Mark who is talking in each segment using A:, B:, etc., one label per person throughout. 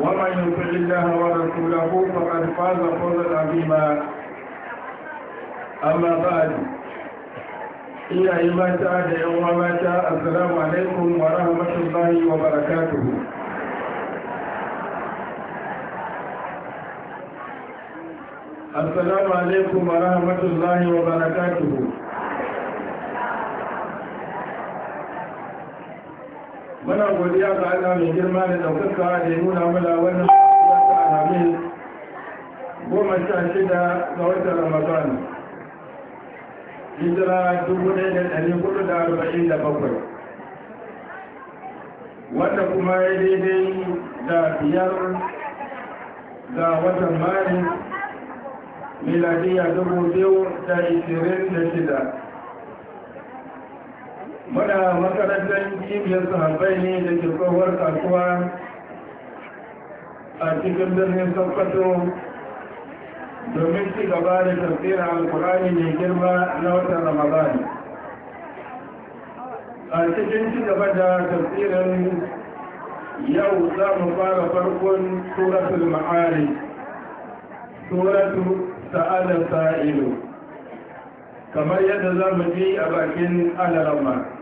A: ومن يطع الله ورسوله فقد فاز فوزا عظيما أما بعد iyaye mata da yawa mata assalamu alaikum wa rahmatullahi wa barakatuhu muna godiya ga Allah mai girma da ɗaukaka da ya nuna mana wannan wata alhamis goma sha shida ga watan ramadan hijira dubu ɗaya da ɗari hudu da arba'in da bakwai wanda kuma ya daidai da biyar ga watan maris miladiya dubu biyu da ishirin da shida muna makarantar cibiyar sahabai ne da ke kowar kasuwa a cikin birnin sokoto domin ci gaba da tafsirin alkurani mai girma na watan ramadan a cikin ci gaba da tafsirin yau za mu fara farkon turatul ma'ari suratu sa'adar sa'ilu kamar yadda za mu ji a bakin alarama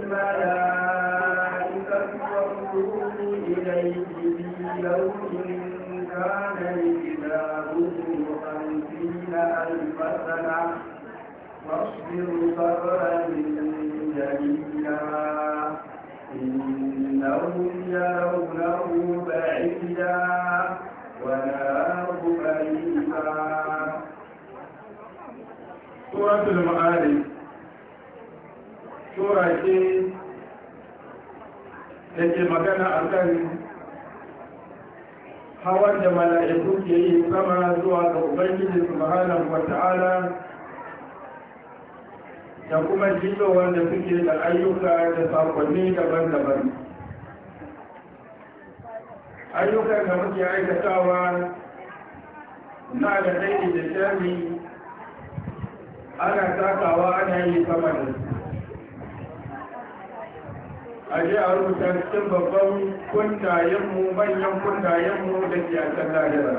A: الملائكة والروح إليه في يوم كان مقداره خمسين ألف سنة واصبر صبرا جميلا إنهم يرونه بعيدا ونراه قريبا سورة المعارف sura ce da ke magana a kan hawan da mala'iku ke yi sama zuwa ga ubangiji wa wata'ala da kuma jido wanda suke da ayyuka da sakonni daban-daban ayyukan da muke aikatawa na da daidai da shari ana takawa ana yi sama da su a je a rubuta cikin babban mu manyan mu da ke a can lahira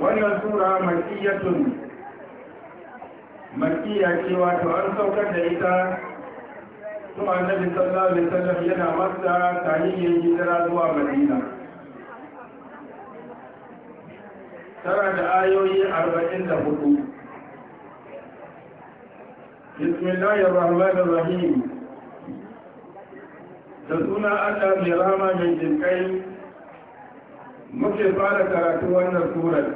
A: wannan sura makiyatun makiya cewa ta an saukar da ita kuma annabi sallallahu alaihi wasallam yana masa tarihin hijira zuwa madina tara da ayoyi arba'in da hudu بسم الله الرحمن الرحيم da suna Allah mai rama mai jinkai muke fara karatu wannan surar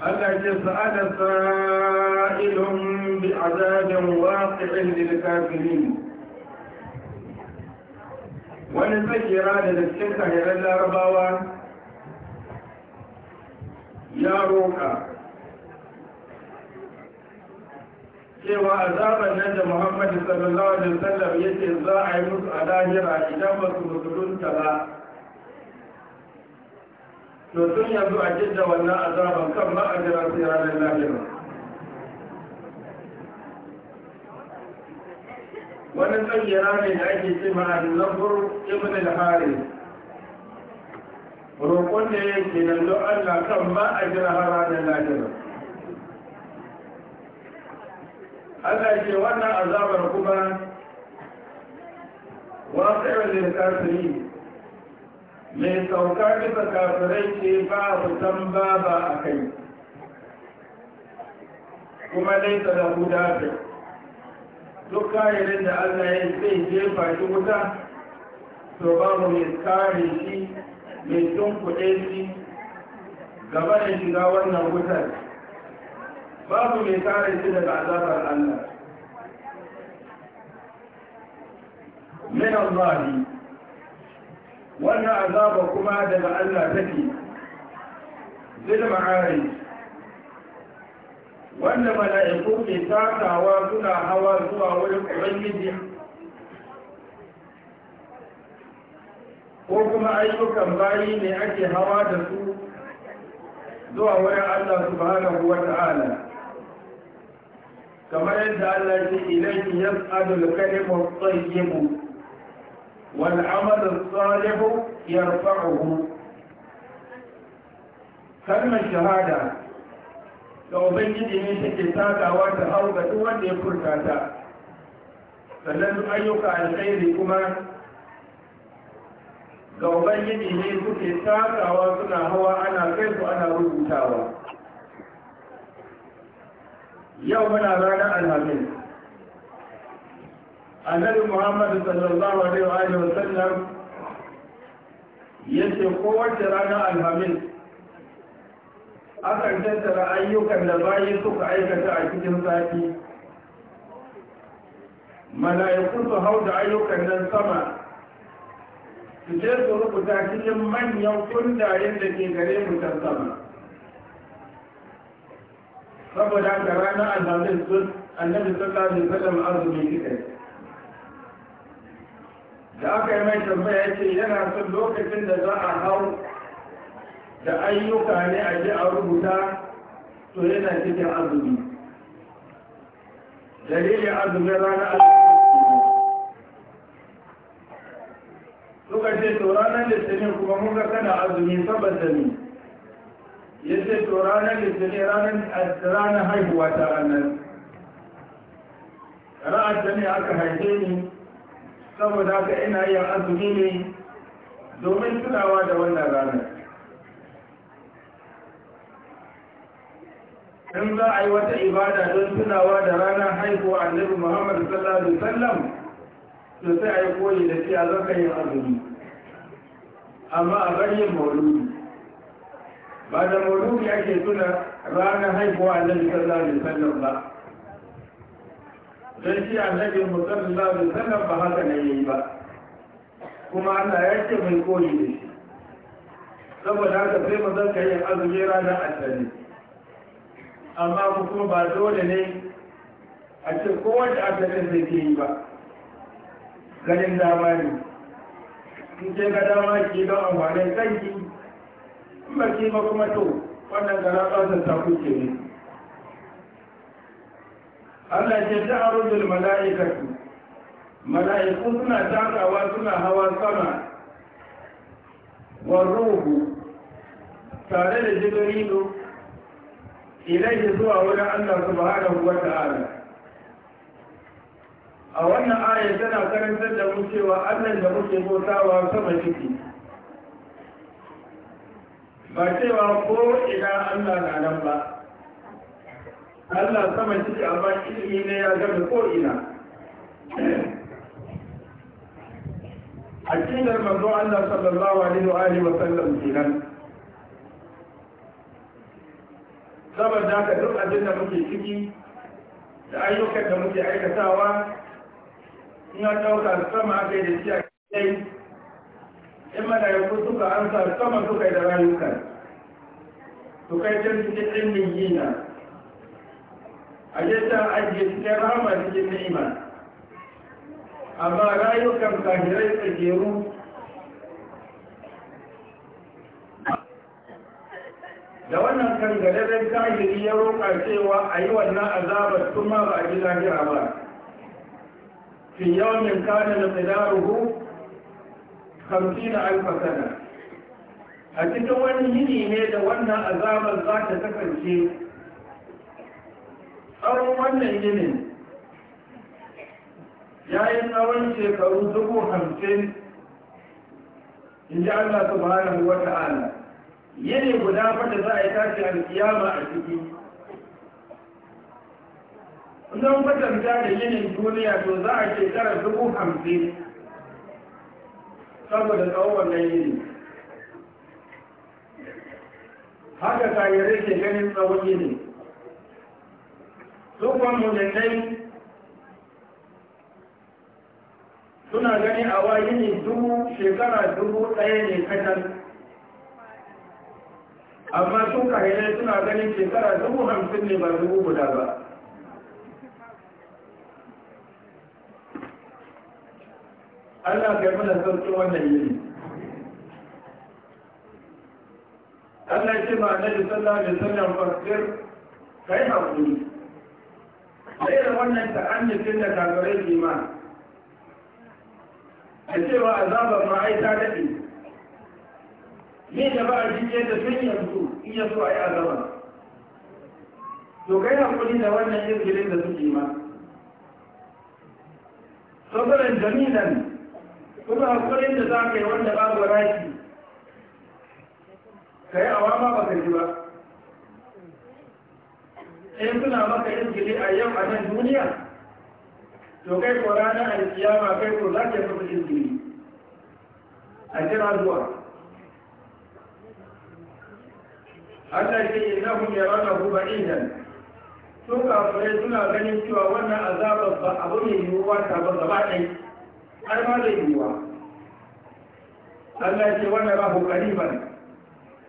A: Allah ke sa'ada sa'ilun bi azabin waqi'in lil kafirin wani zakira da cikin kahirar larabawa ya roƙa cewa zaman nan da muhammadu sallallahu alaihi wasallam ya ce za a yi musu a lahira idan ba su musulunta ba to sun yanzu a jidda wannan azaban kan ma'ajiran su ranar lahira wani tsangira ne da ake ce lambar ibn al hari roƙon da yake nan don allah kan ma'ajira ranar lahira Allah ce wannan azabar kuma wasu ne kafiri mai sauka bisa kafirai ce ba a fitan ba ba a kai kuma dai ta da guda da duk kayanin da Allah ya zai jefa shi wuta to babu mai kare shi mai kuɗe shi gaba da shiga wannan wutar babu mai kare shi daga azabar Allah min Allah wannan azaba kuma daga Allah take zil ma'ari wanda mala'iku ke takawa suna hawa zuwa wurin ubangiji ko kuma ayyukan bayi ne ake hawa da su zuwa wurin Allah subhanahu wa ta'ala kamar yadda Allah ce ilayhi yas'adu al-kalimu at tayyibu wal 'amalu as-salihu yarfa'uhu kalmar shahada da ubangiji ne take takawa ta hau ga duk wanda ya furta ta sannan ayyuka alkhairi kuma ga ubangiji ne suke takawa suna hawa ana kai su ana rubutawa yau muna ranar alhamis annabi muhammadu sallallahu alaihi wa sallam yace kowace ranar alhamis akan tattara ayyukan da bayi suka aikata a cikin sati mala'iku su hau da ayyukan nan sama su je su rubuta cikin manyan kundayen da ke gare mu can sama saboda ka rana alhamis sun annabi sallallahu alaihi wasallam azumi kike da aka yi mai tambaya yace yana son lokacin da za a hau da ayyuka ne a ji a rubuta to yana cikin azumi dalilin azumin rana alhamis sun ce to ranar litinin kuma mun ga kana azumi saboda ne ya ce to ranar litinin ranar ranar haihuwa ta ranar ranar da ne aka haife ni saboda haka ina yin azumi ne domin tunawa da wannan ranar in za a yi wata ibada don tunawa da ranar haihuwa annabi muhammad sallallahu alaihi wasallam to sai a yi koyi da shi a zaka yin azumi amma a bar yin mauludi ba da mauludi ake tuna ranar haihuwa annabi sallallahu alaihi wasallam ba don shi annabi sallallahu alaihi wasallam ba haka ne yayi ba kuma Allah ya ce mai koyi da shi saboda haka sai mu zan kai azumi ranar asali amma kuma ba dole ne a ce kowace asalin zai ke yi ba ganin dama ne in ce ga dama ki don amfanin kanki in ba ki kuma to wannan gara ɓazan ta kuke ne Allah ce ta arujul mala'ikatu mala'iku suna takawa suna hawa sama wa ruhu tare da jibrilu ilaihi zuwa wurin Allah subhanahu wa ta'ala a wannan ayar tana karantar da mu cewa Allah da muke bautawa sama ciki ba cewa ko ina Allah na nan ba Allah sama ciki amma ilimi ne ya gaba ko ina aqidar manzo Allah sallallahu alaihi wa alihi wa sallam kenan saboda ka duk abin da muke ciki da ayyukan da muke aikatawa ina dauka sama aka yi da shi a kai in malayaku suka ansa sama suka yi da rayukan su kai can cikin ilmin yina a je can ajiye cikin rahama cikin ni'ima amma rayukan kahirai tsageru
B: da wannan kan kangararren
A: kahiri ya roƙa cewa a yi wannan azabar kuma ba a ji lahira ba fi yawon kanin da tsidaruhu hamsin alf sana a cikin wani yini ne da wannan azabar za ta kasance tsawon wannan yinin Ya yayin tsawon shekaru dubu hamsin in ji Allah subhanahu wata ala. yini guda fata za a yi tashi alkiyama a ciki don kwatanta da yinin duniya to za a shekara dubu hamsin saboda tsawon wannan yini haka kayarai ke ganin tsawon yini tsokon mulkai suna gani a wayini dubu shekara dubu ɗaya ne kacal amma su kayarai suna ganin shekara dubu hamsin ne ba dubu guda ba Allah kai mana sauƙin wannan yini Allah ya ce ma annabi sallallahu alaihi wasallam fasir kai hakuri sai da wannan ta ta'annitin da kafirai ke ma a cewa azabar ma ai ta daɗe ne da ba a jike da sun yanzu in yaso a yi azabar to kai hakuri da wannan izgirin da suke ma saboda jamilan kuma akwai da za ka yi wanda babu rashi ka yi awa ma ba ka ji ba in suna maka izgili a yau a nan duniya to kai ko ranar alkiyama kai ko za ka yi maka izgili a jira zuwa Allah ke yi na yara na abu ba'idan sun kafirai suna ganin cewa wannan azabar ba abu mai yiwuwa ta ba gaba ɗaya har ma zai yiwa Allah ya ce wanda ba ku ƙariban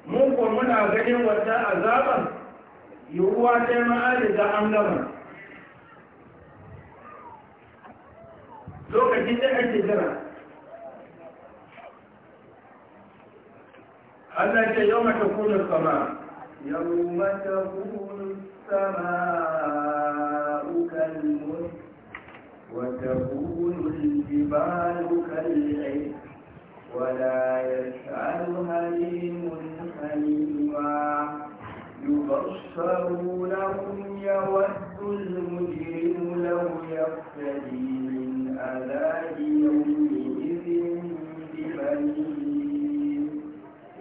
A: mun ko muna ganin wata azaban yiwuwa ta yi ma'ari da an gama lokacin da ake jira Allah ce yau mata kunin sama
B: yau mata kunin sama ukan mutu وتكون الجبال كالعهن ولا يسأل هليم حليما يبصرونهم يود المجرم لو يقتدي من عذاب يومئذ ببنيه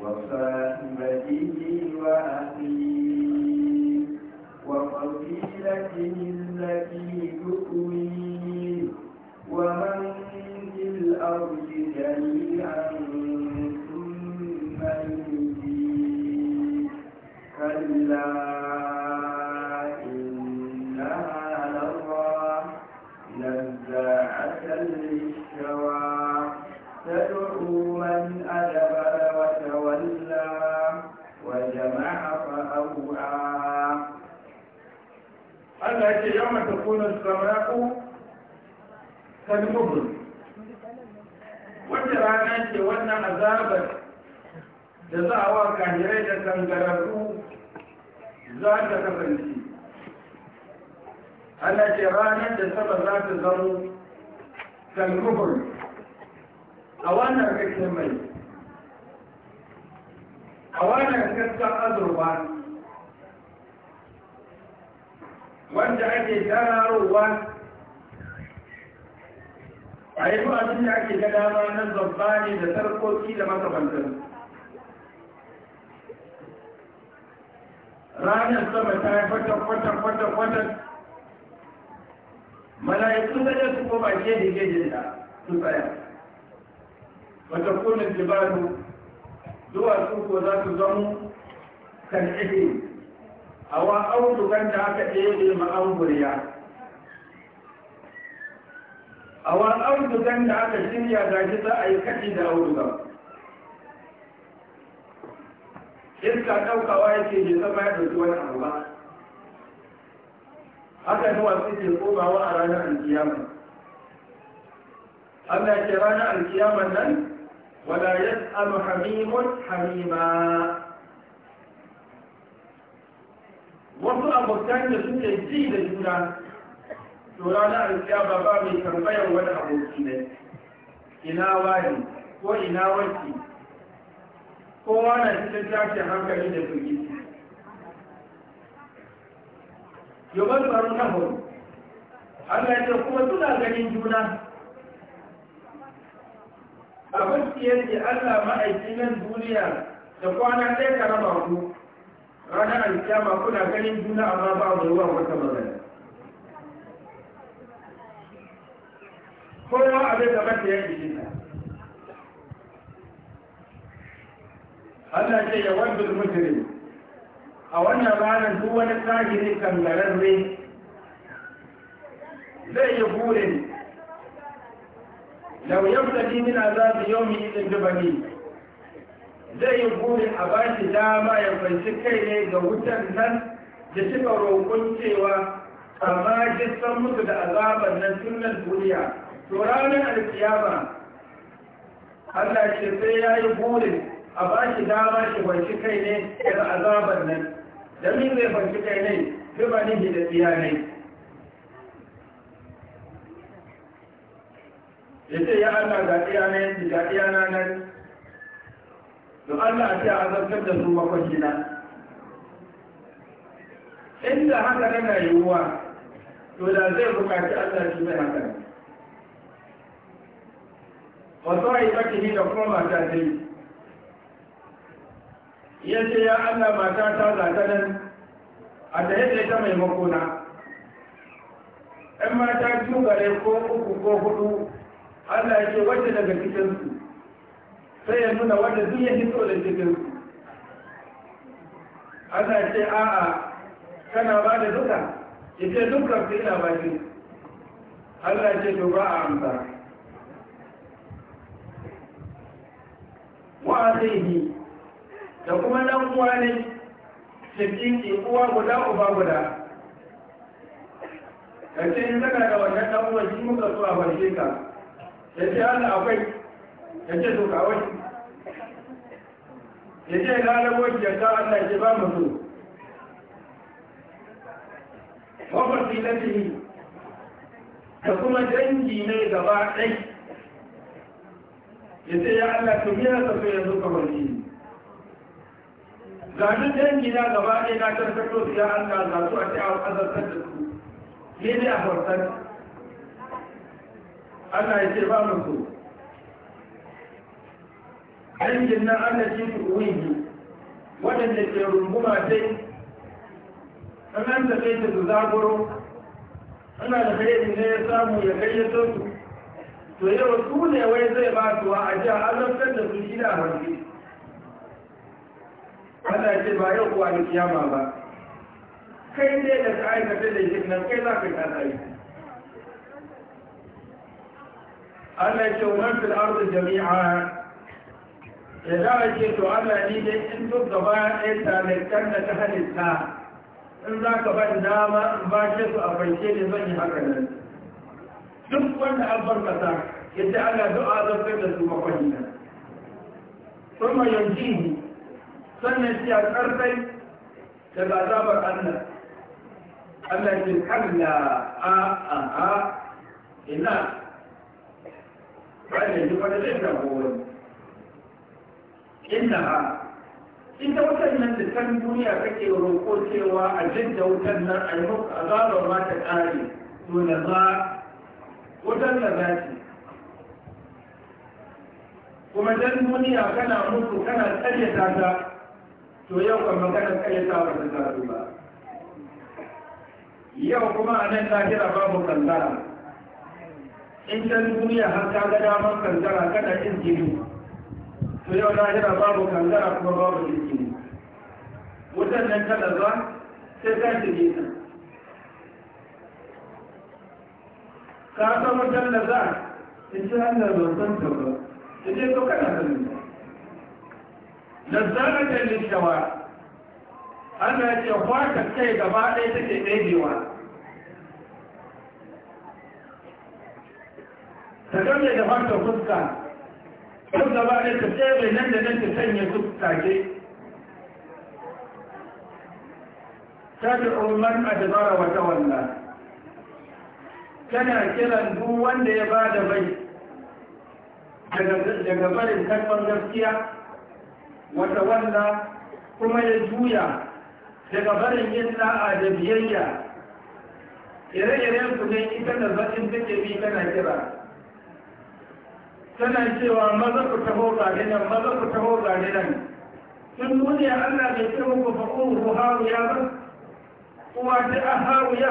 B: وصاحبته وأخيه وفضيلته التي
A: تكون السماء كالمهل wata rana ce wannan azabar da za a wa kahirai da kangararru za ta kasance ana ce ranar da saba za ta zama kalmuhur a wannan kake mai a wannan kasta azurba wanda ake tararowa a yi ba su da ake gada ma nan babba ne da sarkoki da makamantar ranar sama ta yi kwatakwatakwatakwatak kwatan kwatan mala'iku zai su ko ba ke da ke da su tsaya wata kunin jibaru zuwa su ko za su zama kan ehe awa kan da aka ɗebe ma'auriya awa kan da aka shirya da shi za a yi kashi da ba. iska ɗaukawa yake ne zama ya ɗauki wani abu ba haka ne wasu ke komawa a ranar alkiyama Allah ke ranar alkiyama nan wala yas'alu hamimun hamima wasu abokan da suke ji da juna to rana alkiyama ba mai tambayar wani aboki ne ina wani ko ina wanki kowa na cikin tashin hankali da firgici yoban tsaron nahon Allah ya ce kuma suna ganin juna abin siyar da Allah ma'aikinan duniya da kwana ɗaya ka raba ku ranar alkiyama kuna ganin juna amma ba mai ruwa wata magana kowa abin da mata ya ji Allah ce ya wanda mutum a wannan ranar duk wani tsagiri kangararre zai yi burin lau yau da min azabi yau mi izin zai yi burin a ba shi dama ya kwanci kai ne ga wutar nan da suka roƙon cewa amma jisan musu da azabar nan sunan duniya to ranar alkiyama Allah ce sai ya yi burin a ba shi dama shi kwanci kai ne ga azabar nan da min zai kwanci kai ne zuba ni da tsiya ne ya ce ya Allah ga tsiya ne ga tsiya na nan to Allah ya ce a zartar da su makwakina inda haka na yiwuwa to da zai bukaci Allah shi mai haka wasu a yi ni da kuma mata dai ya ce ya Allah mata ta zata nan a da yake ta mai makona ‘yan mata biyu gare ko uku ko hudu Allah ya ce wacce daga cikinsu sai ya nuna wanda duk ya hito da cikin ana ce a'a kana ba da duka ya ce dukkan su ina baki Allah ce to ba a amsa wa zai da kuma nan uwa ne cikin uwa guda uba guda Ya ce in zaka da wannan dan uwa shi muka so a farke ka ya ce Allah akwai ya ce to kawai ya ce lalabo ki ya sa Allah ke ba mu so wa fasilatihi da kuma dangi ne gaba ɗai ya ce ya Allah to miya sa so yanzu kawai ne zanen dangi na gaba ɗai na tarkato su ya Allah za su a ta azartar da su ne ne a farsar Allah ya ce ba mu so dangin nan Allah ce waɗanda ke runguma dai an an tafe ta su zagoro ana da hayyaci ne ya samu ya gayyato su to yau su ne wai zai ba su a ji azabtar da su shi da harfi Allah ce ba yau kuwa da kiyama ba kai ne da ka aikata da shi nan kai za ka yi tasari Allah ce wa man fil jami'a da za a ce to Allah ni dai in duk gaba ɗaya talittar da ta halitta in za ka ban dama in ba shi su a baike ne zan yi haka nan duk wanda an barkata yadda Allah du'a zafin da su bakwai nan kuma yanzu sannan shi a ƙarfai daga azabar Allah Allah ce kalla a a a ina ba ne yi wani zai da wani ha, ita wutan nan da kan duniya kake roƙo cewa a jidda wutar nan a yi muku a ma ta ƙare to na za wutar na za ce kuma dan duniya kana mutu kana ƙaryata ta to yau kan magana ƙaryata ba ta zaru ba yau kuma a nan lahira babu kankara in dan duniya har ta ga damar kankara kana jin jini to yau lahira babu kangara kuma babu jiki wutan nan ta ɗaza sai ta shige ta ka san wutan da za in ci an da ban ta ba in ji to kana sanin lazzaratan lishawa Allah ya ce wata kai gaba ɗaya take ɗaiɗewa ta game da fata fuska kan gaba ne ka tsere nan da nan ka sanya su take tad'u a dabara wata tawalla Tana kiran duk wanda ya bada bai daga barin kalmar gaskiya wata wanda kuma ya juya daga barin yin na'a da biyayya ire-iren su ne ita da zaƙin take bi tana kira tana cewa maza ku taho gane nan maza ku taho gane nan sun duniya Allah bai ce muku fa ku hawiya ba uwa ta a hawiya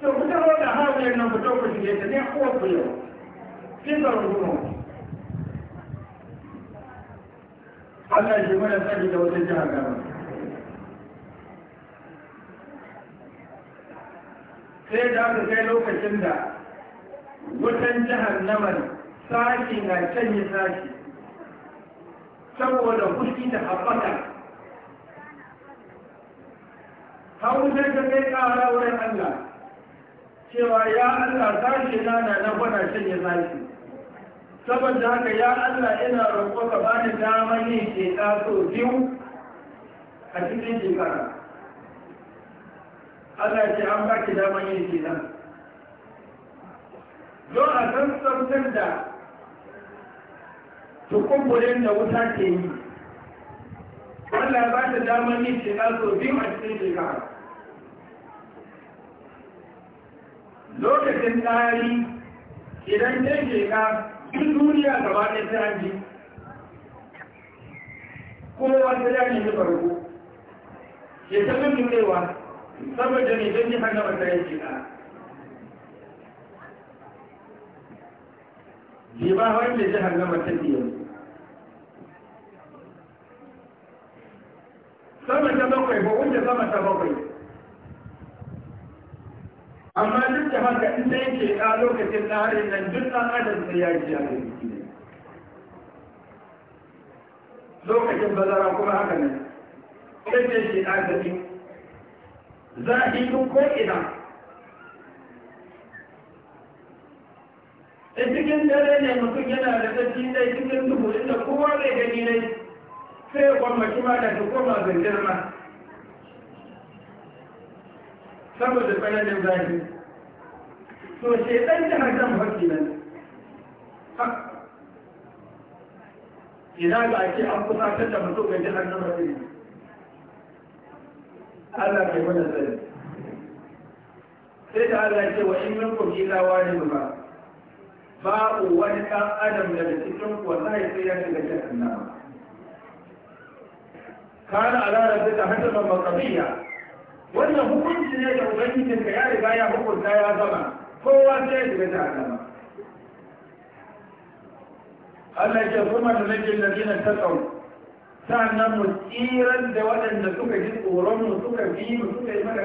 A: to ku taho da hawiyar nan ku taho ku shige ta ne kuwa ku yau kin da rubutu Allah shi mana sani da wata jiha gaba sai da aka kai lokacin da wutan jihar namani sashi na canye sashi saboda kushi da haɓaka hau sai ga kai ƙara wurin Allah cewa ya Allah sashi na na na gwada canye sashi saboda haka ya Allah ina roƙo ka bani damar yin ke so biyu a cikin shekara Allah ce an baki damar yin shekara don a san da tukumburin da wuta ke yi wanda ba ta damar yin shiga so biyu a cikin shiga lokacin tsari idan ta shiga duk duniya gaba ba ta tsari kowa ta ya nemi farko ya ta min nurewa saboda ne don yi hana ta yi shiga ji ba wanda jihar na matafiya sama ta bakwai ba wanda sama ta bakwai amma duk da haka in da yake a lokacin tsarin nan duk ɗan adam sai ya ji yana jiki lokacin bazara kuma haka nan sai da yake agaji za a yi ko ina a cikin dare ne mutum yana da tafi dai cikin dubu inda kowa zai gani ne. sai ya shi ma da ta koma zanjar ma saboda tsananin zafi to shedan da hakan fafi nan idan ga ake an ta da mutum ga jihar nan wani Allah kai mana zai sai da Allah ce wa in lawa ne mu ba ba'u wani ɗan adam daga cikin wallahi sai ya shiga jihar nan kana ala rabbika hataman maqdiya wannan hukunci ne da ubangijin ka ya riga ya hukunta ya zama kowa sai ya shiga jahannama Allah ya kuma da nake da dina ta tsau sannan mu tsiran da waɗanda suka ji tsoron mu suka bi mu suka yi maka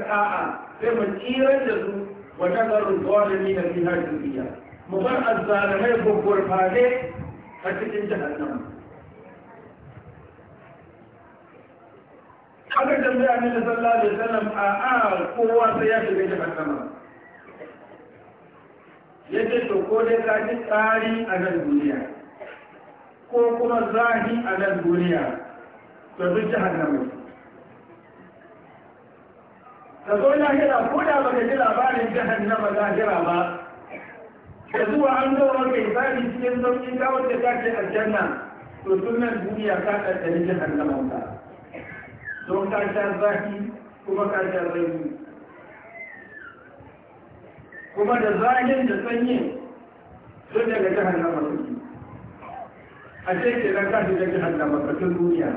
A: sai mu tsiran da su wa nazarul zalimi na fi hadiya mu bar azzalimai gurgurfane a cikin jahannama aka tambaya da sallah da sallam a a kowa sai ya shiga Ya ce to ko dai ka ji tsari a nan duniya ko kuma zahi a nan duniya to duk jahannama ka zo lahira ko da baka ji labarin jahannama lahira ba da zuwa an zo wanda ya tsari cikin sauƙi ka wanda ta ce aljanna to sunan duniya ka ɗaɗɗari jahannama ba don ka sha zafi kuma ka sha zafi kuma da zafin da sanyi sun daga jahannama suke a ce ke nan da jihar jahannama kasin duniya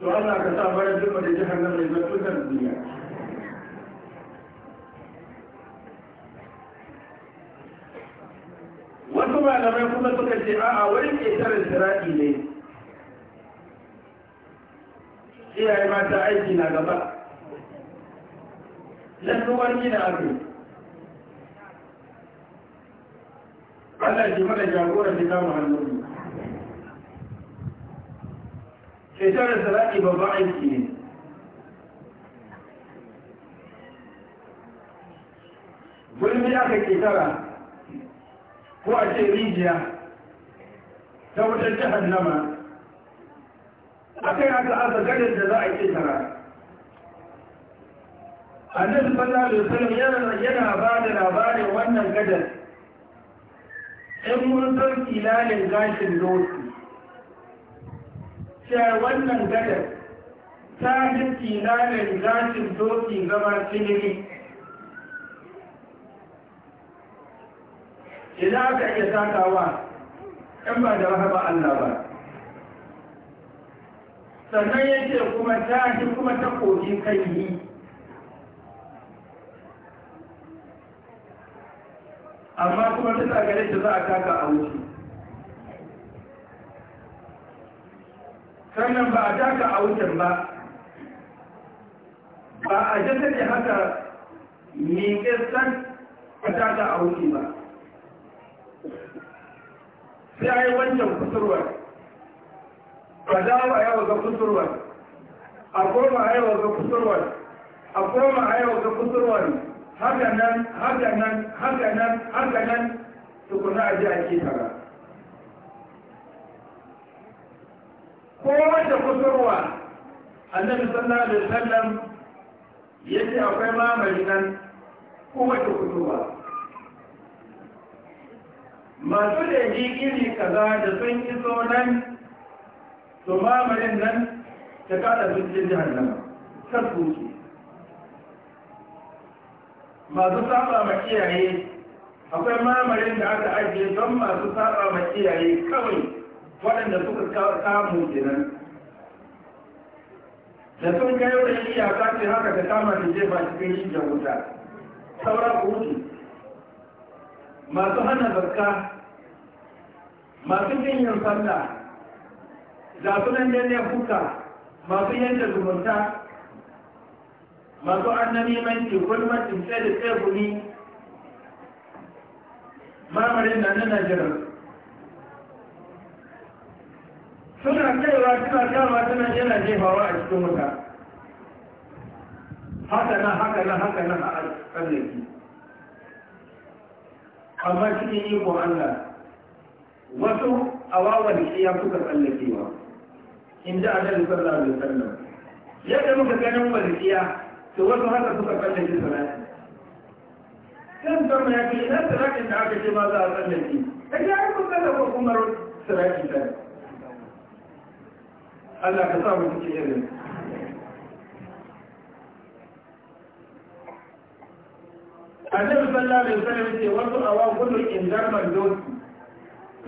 A: to an ka sa mara zuba da jihar ya zartu kan duniya wasu malamai kuma suka ce a wani ƙetaren siraɗi ne iyaye mata aiki na gaba lantuwar gina abu Allah mada mana jagora ta kama hannun shaitar da sarari babban aiki ne gulmi aka ketara ko a ce rijiya ta wutar jihar nama Akai aka aka gadon da za a ce tara annabi sallallahu alaihi wasallam yana yana ba da labarin wannan gadar. in mun san ilalin gashin doki sai wannan gadar ta ji tilalin gashin doki zama ciniri idan aka iya takawa in ba da rahaba Allah ba sannan yake kuma tashi kuma ta kogi kan yi amma kuma ta tsagare ta za a taka a wuce sannan ba a taka a wucin ba ba a jasa da haka miƙe san a taka a wuce ba sai a yi wancan kusurwar ka dawo a yawa kusurwar a koma a yawa kusurwar a koma kusurwar haka nan haka nan haka nan haka nan tukuna a ji a kitara kowace kusurwa annabi sallallahu alaihi wasallam yace akwai mamari nan kowace kusurwa masu da iri kaza da sun iso nan to mamayen nan ta kada zuciyar jihannama sarfu su masu saba ma kiyaye akwai mamarin da aka ajiye don masu saba ma kiyaye kawai waɗanda suka samu kenan da sun kai wurin iyaka ce haka ta kama da ba cikin shi da wuta saura ku masu hana zakka masu yin sallah ga sunan yan kuka, masu yanke zumunta masu annami manci gulmatin sai da tsegumi marmarin da nan najeriya suna kaiwa suna kama suna yana jefawa a cikin wuta haka nan haka nan haka nan a tsallaki amma cikin ikon allah wasu a shi ya kuka tsallakewa in ji annabi sallallahu alaihi wasallam yadda muka ganin walƙiya to wasu haka suka kalle shi salati kan sama ya fi na salatin da aka ce ma za a tsallake ka ji ai kun kalle ko kuma salati ta Allah ka sa mu cikin irin annabi sallallahu alaihi wasallam ce wasu awa gudun injar mandoki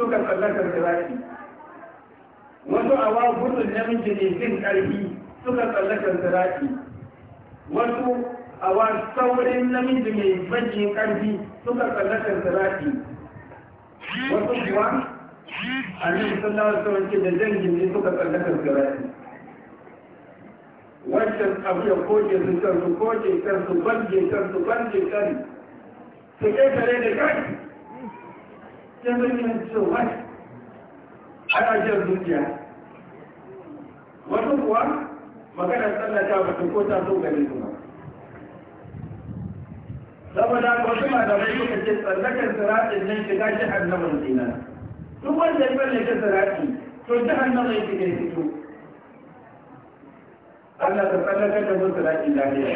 A: suka tsallakar salati wasu awa gudun namiji ne jin ƙarfi suka tsallaka ziraki wasu awa saurin namiji mai bajin ƙarfi suka tsallaka ziraki wasu kuwa a nan sun wasu sauranci da dangin ne suka tsallaka ziraki wancan abu ya koke su kan su koje kan su banje kan su banje kan su tare da kai sai mun yi cewa ana jin zuciya wasu kuwa maganar ta ba ko ta so gare su ba saboda wasu malamai suka ce tsallakar siratin nan shiga shi annaban dina, duk wanda ya tsallake sirati to shi annaban ya shiga fito Allah ta tsallakar da mu sirati lafiya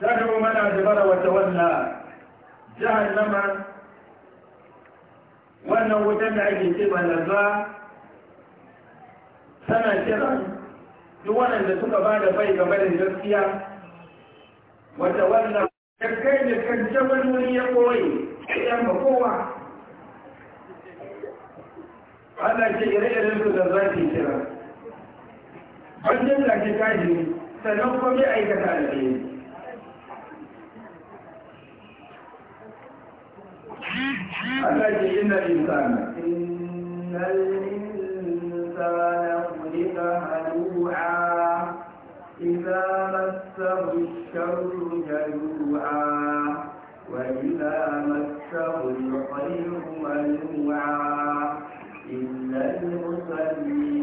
A: ta gaba mana jibara wata wannan jahannama wannan wutar da ake ce balaza tana kiran duk waɗanda suka ba da bai game da gaskiya wata wannan kai da kan jaban wuri ya koyi ya ba kowa Allah ce ire-iren su da za ki kira. Wajen da ke kaji, sannan kuma bai aikata yi.
C: Allah ce
B: ina insana. Inna insana kulika
A: halu'a. Iza masahu sharru jalu'a.
B: Wa iza masahu alkhairu malu'a. Illa al-musallin.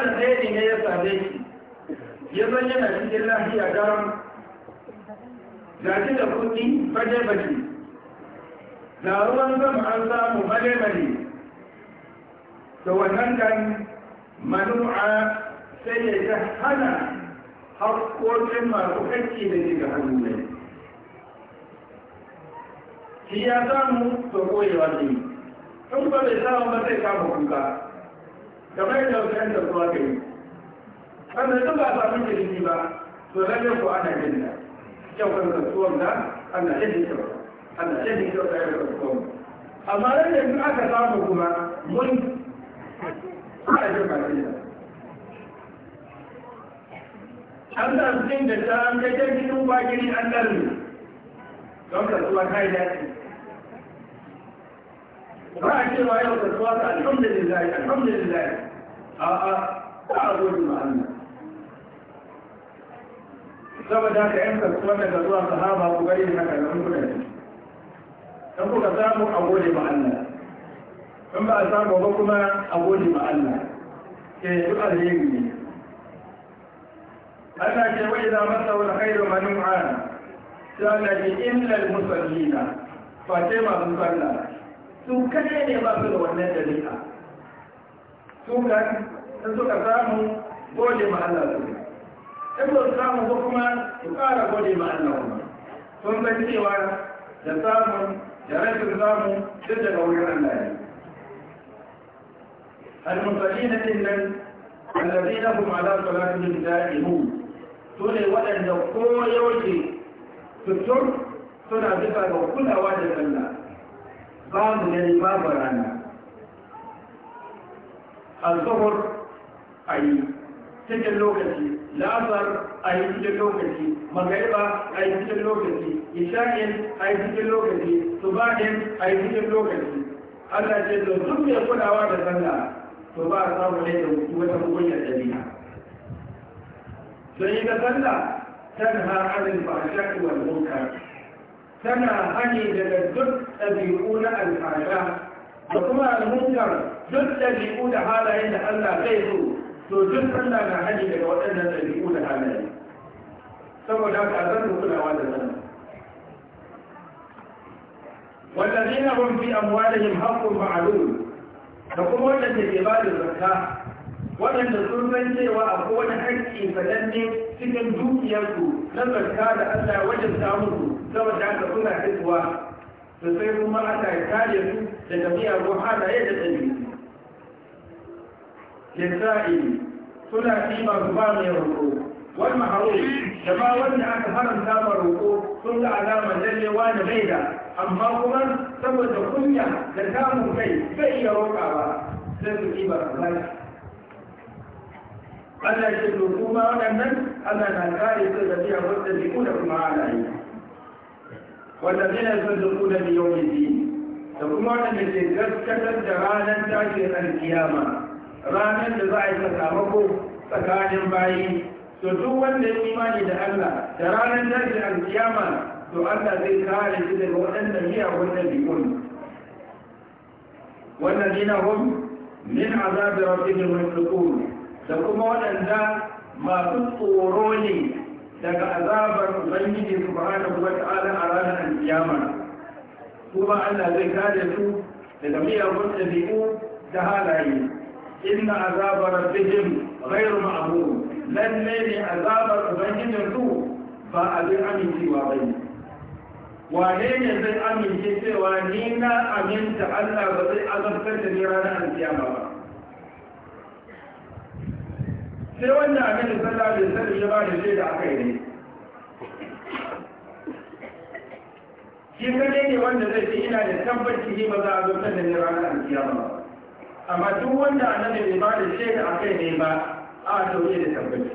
A: alheri ne ya same shi ya zan yana cikin lafiya garam ga shi da kuɗi fage baki na ruwan zama an samu male male da wannan kan manu'a sai ya ta hana haƙoƙin masu haƙƙi da ke ga hannu ne shi ya samu da koyewa ne in ba bai samu ba kama kuka kamar da wasu yan da kai wanda duk ba a samu ba to lalle ko ana da kyau kan rasuwan da ana jin kyau ana jin kyau da yau amma lalle in aka samu kuma mun ba da an da cikin da ta an kai jirgin bagiri an don yi ba a cewa yau da suwa ta alhamdulillah alhamdulillah a a ta a gode ma Allah saboda ka yanka kuma daga zuwa sahaba ku gari haka da mun kudin dan kuka samu a gode ma Allah in ba a samu ba kuma a gode ma Allah ke duk alheri ne Allah ce wa idza masahu alkhairu manu'a sai Allah ce illal musallina fa sai ma musalla su kaɗai ne ba su da wannan dalila su kan in suka samu gode ma Allah su in ba su samu ko kuma su ƙara gode ma Allah kuma sun san cewa da samun da rashin samu duk daga wurin Allah ne المصلين إنن الذين هم على صلاتهم دائمون سنة وأن يقول يوجي ستر suna bisa ga kulawa da sallah قام من الباب ورانا الظهر اي سجل لوكتي لاثر اي سجل لوكتي مغربا اي سجل لوكتي اشاكل اي سجل لوكتي صباحين اي سجل لوكتي الله جل ثم يقول اواد الله صباح صاب عليه وقوه مغنيه جميله فاذا صلى تنهى عن الفحشاء والمنكر tana hani daga duk ɗabi'u na al'ada da kuma almunkar duk ɗabi'u da halayen da Allah zai zo to duk Allah na hani daga waɗannan ɗabi'u da halayen saboda ka zan kulawa da nan والذين هم في أموالهم حق ke ba da zakka waɗanda وأن تظن cewa akwai wani haƙƙi fadanne cikin dukiyarsu na zakka da Allah wajen samu saboda haka suna fitowa su sai kuma aka kare su da tafiya ko ya da tsaye kisra'i suna fi masu ba mai roƙo wani maharo da ba wanda aka faranta ma roƙo sun ga alamar lallewa da bai da amma kuma saboda kunya da samun kai bai iya roƙa ba sai su ƙi ba su Allah shi roƙo ma waɗannan Allah na kare su da biya wadda biyu da kuma halaye والذين يصدقون بيوم الدين da kuma wanda ke gaskatar da ranar tashin alkiyama ranar da za a yi sakamako tsakanin bayi to duk wanda ya imani da Allah da ranar tashin alkiyama to Allah zai kare shi daga waɗanda miyagun ɗabi'un wannan dina hum min azabi rabbihim mutlaqun da kuma waɗanda masu tsoro ne daga azabar ubangiji subhanahu wata'ala a ranar kiyama kuma Allah zai kare su daga miyagun ɗabi'u da halaye inna azabar rabbihim ghairu ma'mur lalle ne azabar ubangijin su ba abin amincewa ba ne wane ne zai amince cewa ni na aminta Allah ba zai azabtar da ni ranar kiyama ba sai a gani sallah da sallah ya ba da shaida akai ne shi kadai ne wanda zai ce ina da tabbaci ne ba za a zo da da a alkiyama ba amma duk wanda nan ne ba da aka yi ne ba a tauye da tabbaci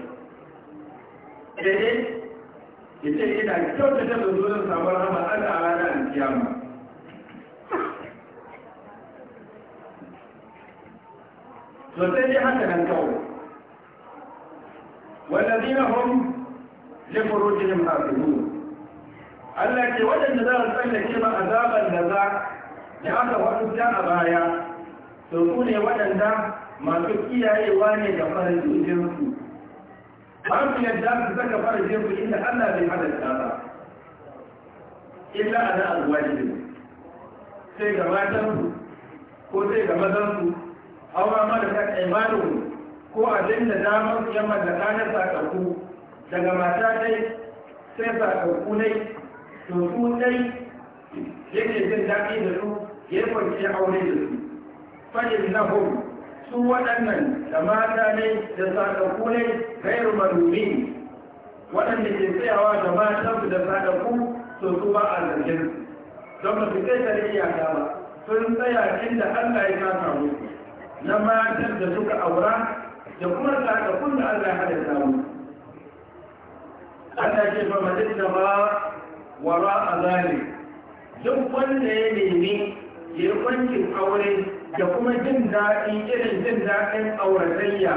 A: daidai ya ce ina kyautata da zuwa samun rahama ana a ranar alkiyama sosai ne haka nan kawai والذين هم لفروجهم حافظون Allah ke waɗanda za a tsallake ba azaban da za da aka wasu ta a baya, to su ne waɗanda masu kiyayewa ne da
B: farajin jinsu.
A: Ba su yadda su saka farajin su inda Allah bai halatta ba. Illa ana alwaji sai ga matansu ko sai ga mazansu, hawa ma da ta kai malu ko abin da damar ya mallaka na sakakku daga mata dai sai sakakku dai to su dai yake jin daɗi da su ya kwanci aure da su fadin na ho. su waɗannan da mata ne da sakakku ne gairu marumi waɗanda ke tsayawa da matansu da sakakku to su ba a zargin don ba su kai tare a ba sun tsaya inda Allah ya kama musu na matan da suka aura da kuma ta sakamakon da Allah ya halatta mu Allah ce fa madin da ba wara a zali duk wanda ya nemi ya kwancin aure da kuma jin daɗi irin jin daɗin auratayya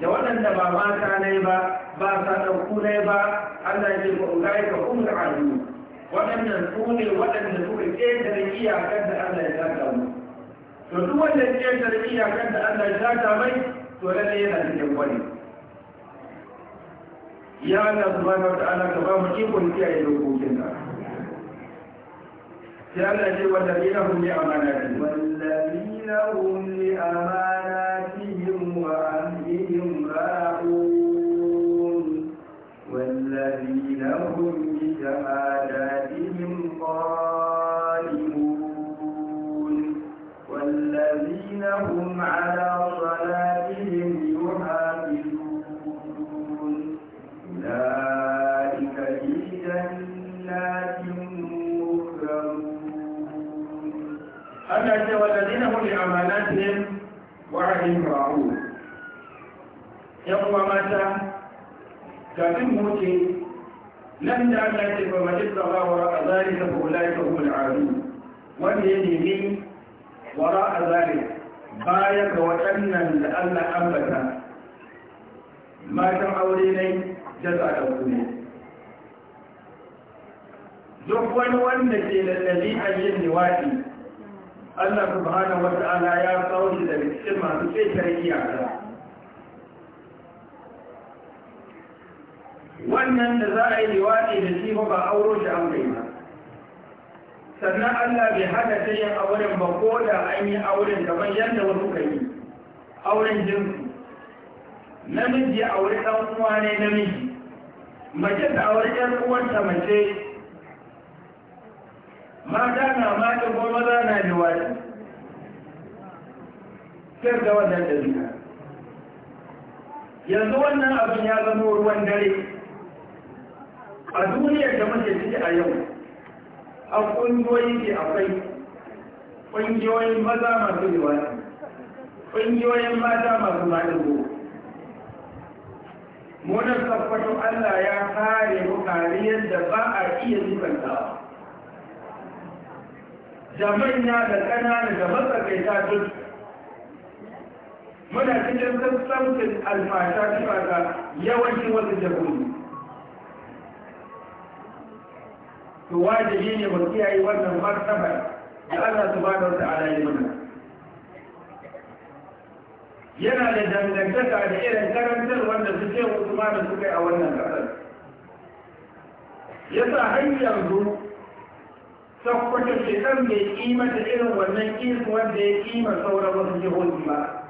A: da waɗanda ba mata ne ba ba sa saɗauku ne ba Allah ce fa ugai ka kuma adu waɗannan su ne waɗanda suka ƙetare iyakar da Allah ya zata mu to duk wanda ƙetare iyakar da Allah ya zata mai to lalle yana cikin wani ya Allah subhanahu wa ta'ala ka ba mu ikon kiyaye dokokin ka sai Allah ce wallazina hum li amanatihim wallazina hum li amanatihim wa amrihim ra'un wallazina hum li shahadati Allah ce wa ladina hum amanatihim wa ahim ra'u ya kuma mata kafin muke, nan da Allah ce ba majid da ba wa azalika fa ulai ka hum al'adu wanda ya nemi wara azalik baya ga waɗannan da Allah ambata matan aure ne da zaɗa ne duk wani wanda ke da ɗabi'ar yin niwaɗi Allah subhanahu wa ta'ala ya kawo da cikin masu ƙetare iyaka wannan da za a yi liwaɗi da shi ba auro shi an bai ba sannan Allah bai hada ta yin auren ba ko da an yi auren kamar yadda wasu ka yi auren jinsu namiji aure ɗan uwa ne namiji mace ta aure ƴar uwanta mace mata na mata ko maza na liwaɗi sai ga wannan ɗabi'a yanzu wannan abin ya zama ruwan dare a duniyar da muke ciki a yau a ƙungiyoyi ke akwai ƙungiyoyin maza masu liwaɗi ƙungiyoyin mata masu maɗigo munar tabbatar Allah ya kare mu kariyar da ba a iya zubantawa da manya da ƙanana da matsakaita duk muna cikin sassaucin alfasha cewa ga yawancin wasu jagoji to wajibi ne mu kiyaye wannan martaba da Allah subhanahu wa ta'ala ya mana yana da dangantaka da irin karantar wanda su ce Usman da suke a wannan kasar yasa har yanzu da kan mai da irin wannan kisu wanda ya kima sauran wasu jihohi ba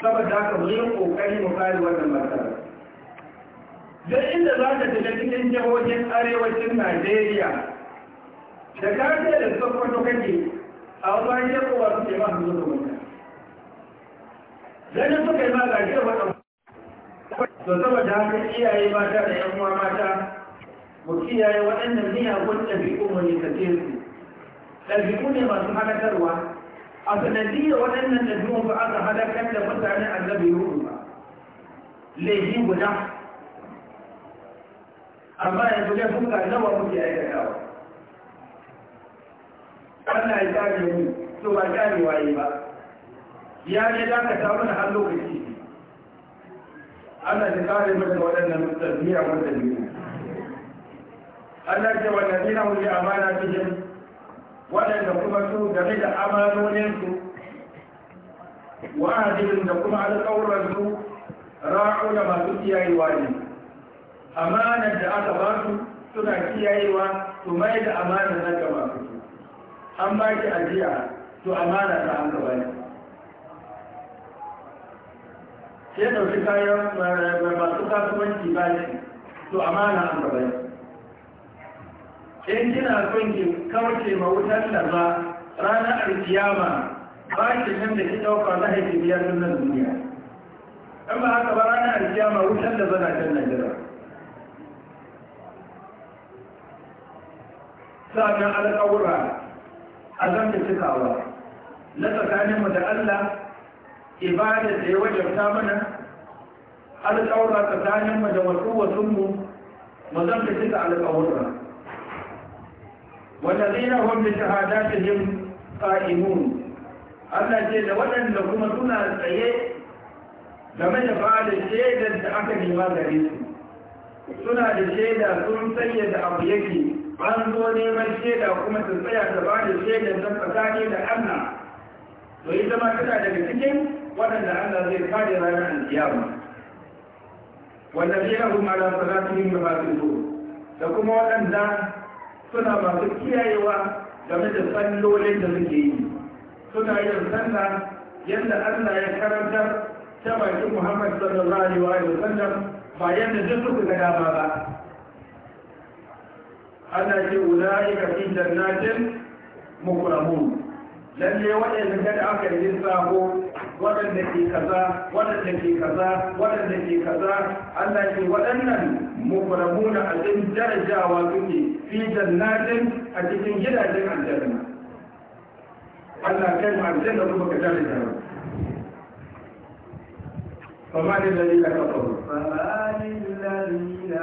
A: saboda haka mu yi kokari mu kare wannan matsala duk inda za ka tafi cikin jihohin arewacin najeriya da ka ce da sokoto kake a wani yakowa su ke masu zuwa mutum ganin suka yi ma gajiyar wata to saboda haka iyaye mata da yan uwa mata mu kiyaye waɗannan miyagun ɗabi'un wani nisace su ɗabi'u ne masu halakarwa a sanadiyar waɗannan ɗabi'u ba aka halakar da mutanen annabi yuhu ba laifi guda amma yanzu sun kuka nawa muke aikatawa Allah ya kare mu to ba karewa waye ba ya ne dakata mana har lokaci Allah ya kare mu da waɗannan miyagun ɗabi'u Allah ce wallazi na wuri amana cikin waɗanda kuma su game da amanoninsu wa'adin da kuma alƙawarsu ra'u da masu kiyayewa ne amanar da aka ba su suna kiyayewa su mai da amanar na gaba su an ba shi ajiya to amana ta an gaba ne sai ɗauki kayan masu kasuwanci ba to amana an gaba ne in kina son ki kauce ma wutar da ba ranar alkiyama ba ki nan da ki dauka na haifi biya sunan duniya in ba haka ba ranar alkiyama wutar da zana can najira sa'adun alƙawura a zan da cikawa na tsakaninmu da allah ibada da ya wajarta mana alƙawura tsakaninmu da wasu wasunmu mu zan da cika alƙawura والذين da بشهاداتهم qa'imun Allah ce da waɗanda kuma suna tsaye game da ba da shaidar da aka nema gare su suna da sheda sun tsaye da abu yake an zo neman sheda kuma su tsaya da ba da shaidar don fasani da Allah to yi zama tana daga cikin waɗanda Allah zai kare ranar alkiyama wanda zai ala salatihim da ba su da kuma waɗanda suna masu kiyayewa game da sallolin da suke yi suna yin sallah yadda Allah ya karanta ta bakin Muhammad sallallahu alaihi wa sallam ba yadda duk suka ga dama ba Allah ce ulaika fi jannatin mukramun lalle waɗanda da aka yi sako waɗanda ke kaza waɗanda ke kaza waɗanda ke kaza Allah ce waɗannan mukramuna a cikin darajawa suke fi jannatin a cikin gidajen aljanna Allah kai ma aljan da kuma ka da jarabu
B: Fama ne da lila ka faru.
A: Fama ne da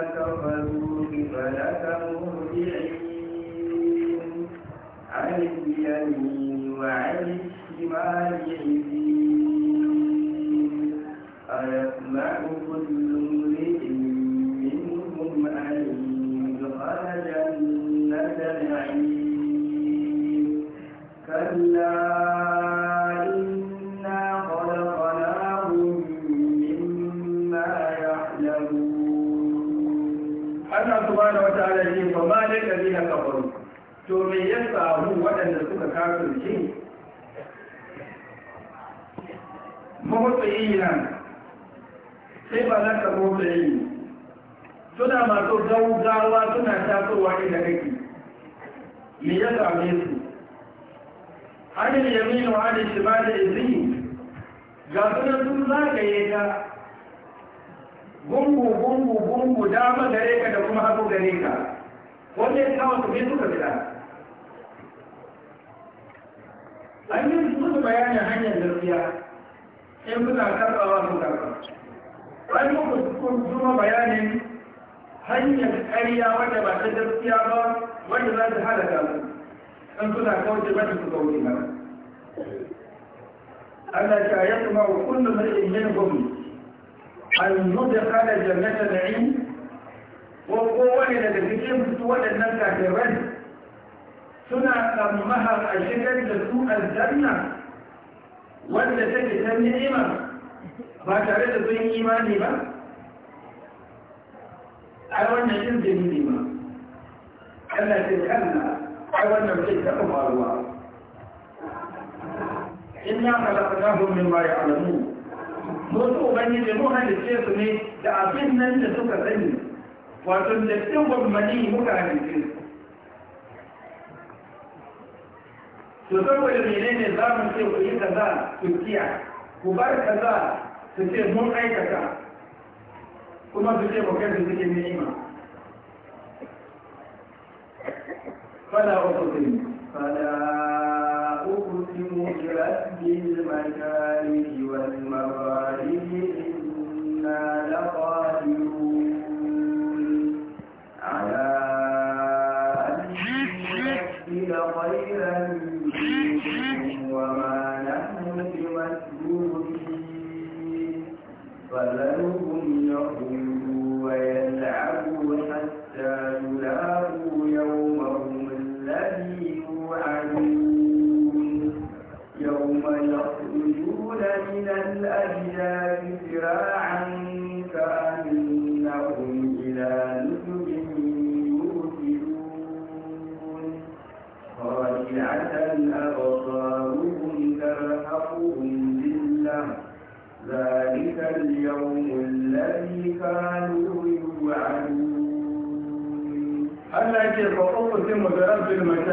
A: Mai ya samu waɗanda suka kafirce mahotsayi nan sai ba za ka mahotsayi suna masu gaugawa suna tasowa inda kake me ya same su hannun yaminu hannun shi ba da izini ga suna sun zagaye ka gungu gungu gungu dama gare ka da kuma haɗu gare ka wanda ya kawo su bi suka fita an yi musu bayanin hanyar gaskiya in suna karɓawa su karɓa an yi kuma bayanin hanyar ƙarya wadda ba ta gaskiya ba wadda za ta halaka su in suna kauce ba su kauce ba Allah ta yi kuma kullum da yin gwamnati an yudda da jannata na'im ko kowane daga cikin su waɗannan kafirai suna tsammahar a shigar da su aljanna wanda take ta ni'ima ba tare da sun imani ba a wannan yin da ni'ima Allah ce kanna a wannan zai taɓa faruwa inna khalaqnahum min ya'lamun alamu? Mutu, ubangiji mu halice su ne da abin nan da suka sani wato da tsibon mani muka halice su to saboda menene za mu ce ku yi kaza ku kiya ku bar kaza su ce mun aikata kuma su ce bakar su suke ni'ima fala uqsimu fala uqsimu bi rabbil makarihi wal
B: mawaridi inna laqadirun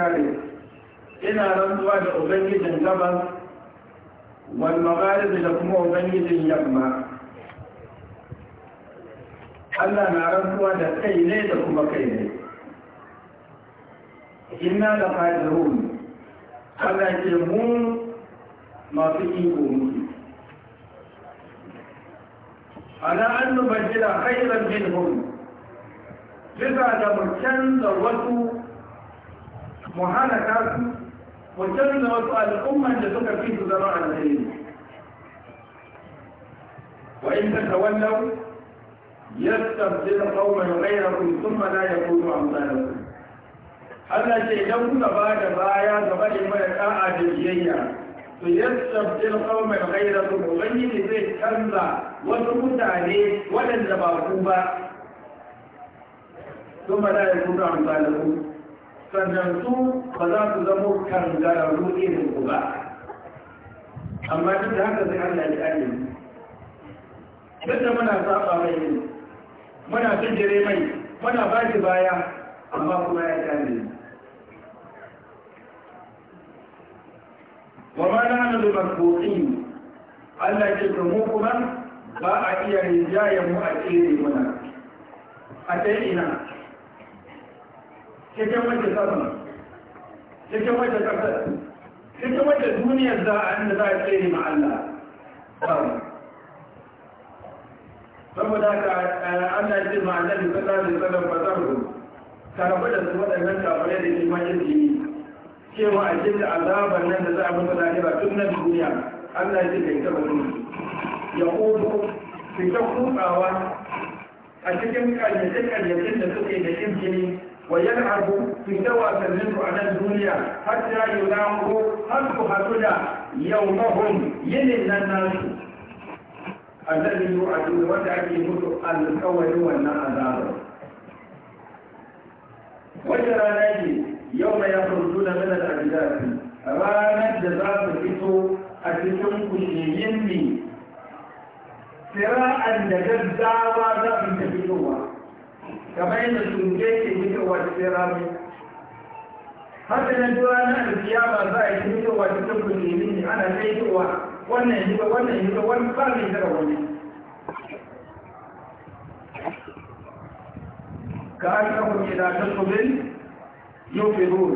A: kare ina rantsuwa da ubangijin gabas wal magharib da kuma ubangijin yamma Allah na rantsuwa da kai ne da kuma kai ne inna da qadirun Allah ke mu masu iko muke ana an nubaddila khairan minhum bisa da mu canza wasu mu halaka su mu canza wasu al'umman da suka fi su zama a alheri wa in ta tatawallaw yastabdil qauman ghayrakum thumma la yakunu amsalakum Allah ce idan kuka ba da baya gaba da mara da'a da biyayya to yastabdil qauman ghayrakum ubangiji zai canza wasu mutane waɗanda ba ku ba Sun thumma la yakunu amsalakum sannan su ba za su zamo kangararru irin ku ba amma duk da haka sai Allah ya ƙare duk da muna saba mai muna bijire mai muna ba shi baya amma kuma ya yi wa ma na hana da makboƙi Allah ce ga mu kuma ba a iya rinjayen mu a tsere muna a ta ina cikin wajen sassan cikin wajen kasar cikin wajen duniyar za a inda za a tsere ma Allah saboda ka eh, Allah ce ma Allah da sallar da sallar fasarru ka rabu da su waɗannan kafirai da kimanin jini cewa a cikin azabar nan da za a mutu lahira tun na duniya Allah ya ce ka yi taɓa ya ƙoto fita kutsawa a cikin ƙaryace-ƙaryacen da suke da ƙin jini ويلعب في سوى تزن على الدنيا حتى يلاقوا خلق حسدا يومهم يلن الناس الذي يوعدون وتعجبه الكون والنعذاب وجرى ناجي يوم يخرجون من الأجداد ranar da za su fito a cikin kushiyin ne sira'an da gaggawa kamar yadda shuke ke fitowa cikin rami haka nan duwa na alkiyama za a yi fitowa cikin kujeru ne ana kai fitowa wannan hito wannan hito wani ba mai daga wani ka an kafa ke da ta kubin yau firo